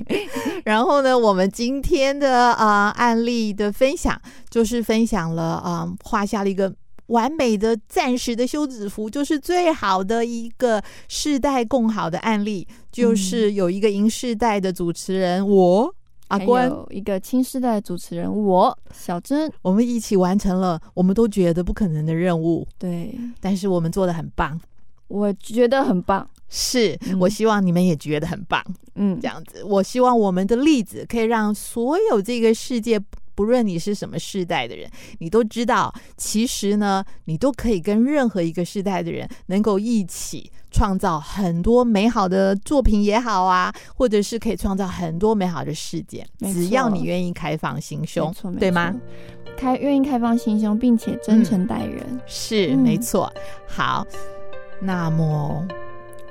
然後呢，我們今天的啊、呃、案例的分享，就是分享了啊、呃、畫下了一個。完美的暫時的休止符，就是最好的一個世代共好的案例，就是有一個銀世代的主持人我、嗯、阿娟，有一個青世代主持人我小真，我們一起完成了我們都覺得不可能的任務。對，但是我們做得很棒，我覺得很棒。是、嗯、我希望你們也覺得很棒。嗯，這樣子，我希望我們的例子可以讓所有這個世界。不論你是什麼世代的人，你都知道，其實呢，你都可以跟任何一個世代的人能夠一起創造很多美好的作品也好啊，或者是可以創造很多美好的事件，只要你願意開放心胸，對嗎？開願意開放心胸，並且真誠待人，嗯、是、嗯、沒錯。好，那麼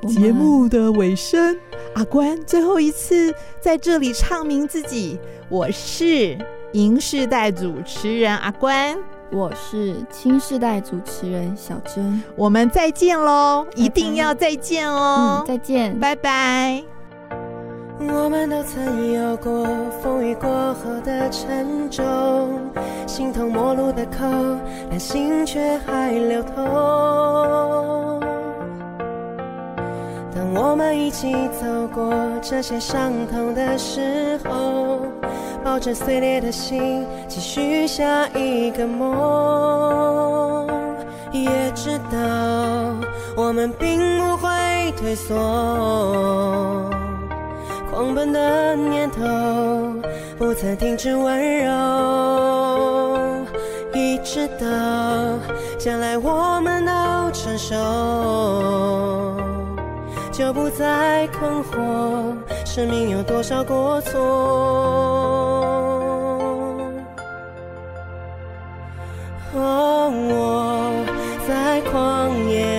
我節目的尾聲，阿娟最後一次在這裡唱名自己，我是。銀世代主持人阿娟。我是青世代主持人小真。我們再見咯，拜拜，一定要再見哦、嗯、再見拜拜、嗯、見拜拜。我們都曾有過風雨過後的沉重，形同陌路的口，但心卻還流通當我們一起走過這些傷痛的時候，抱着碎裂的心，繼續下一個夢。也知道我們並不會退縮，狂奔的念頭不曾停止溫柔，一直到將來我們都成熟。就不再困惑，生命有多少過錯？和我在曠野。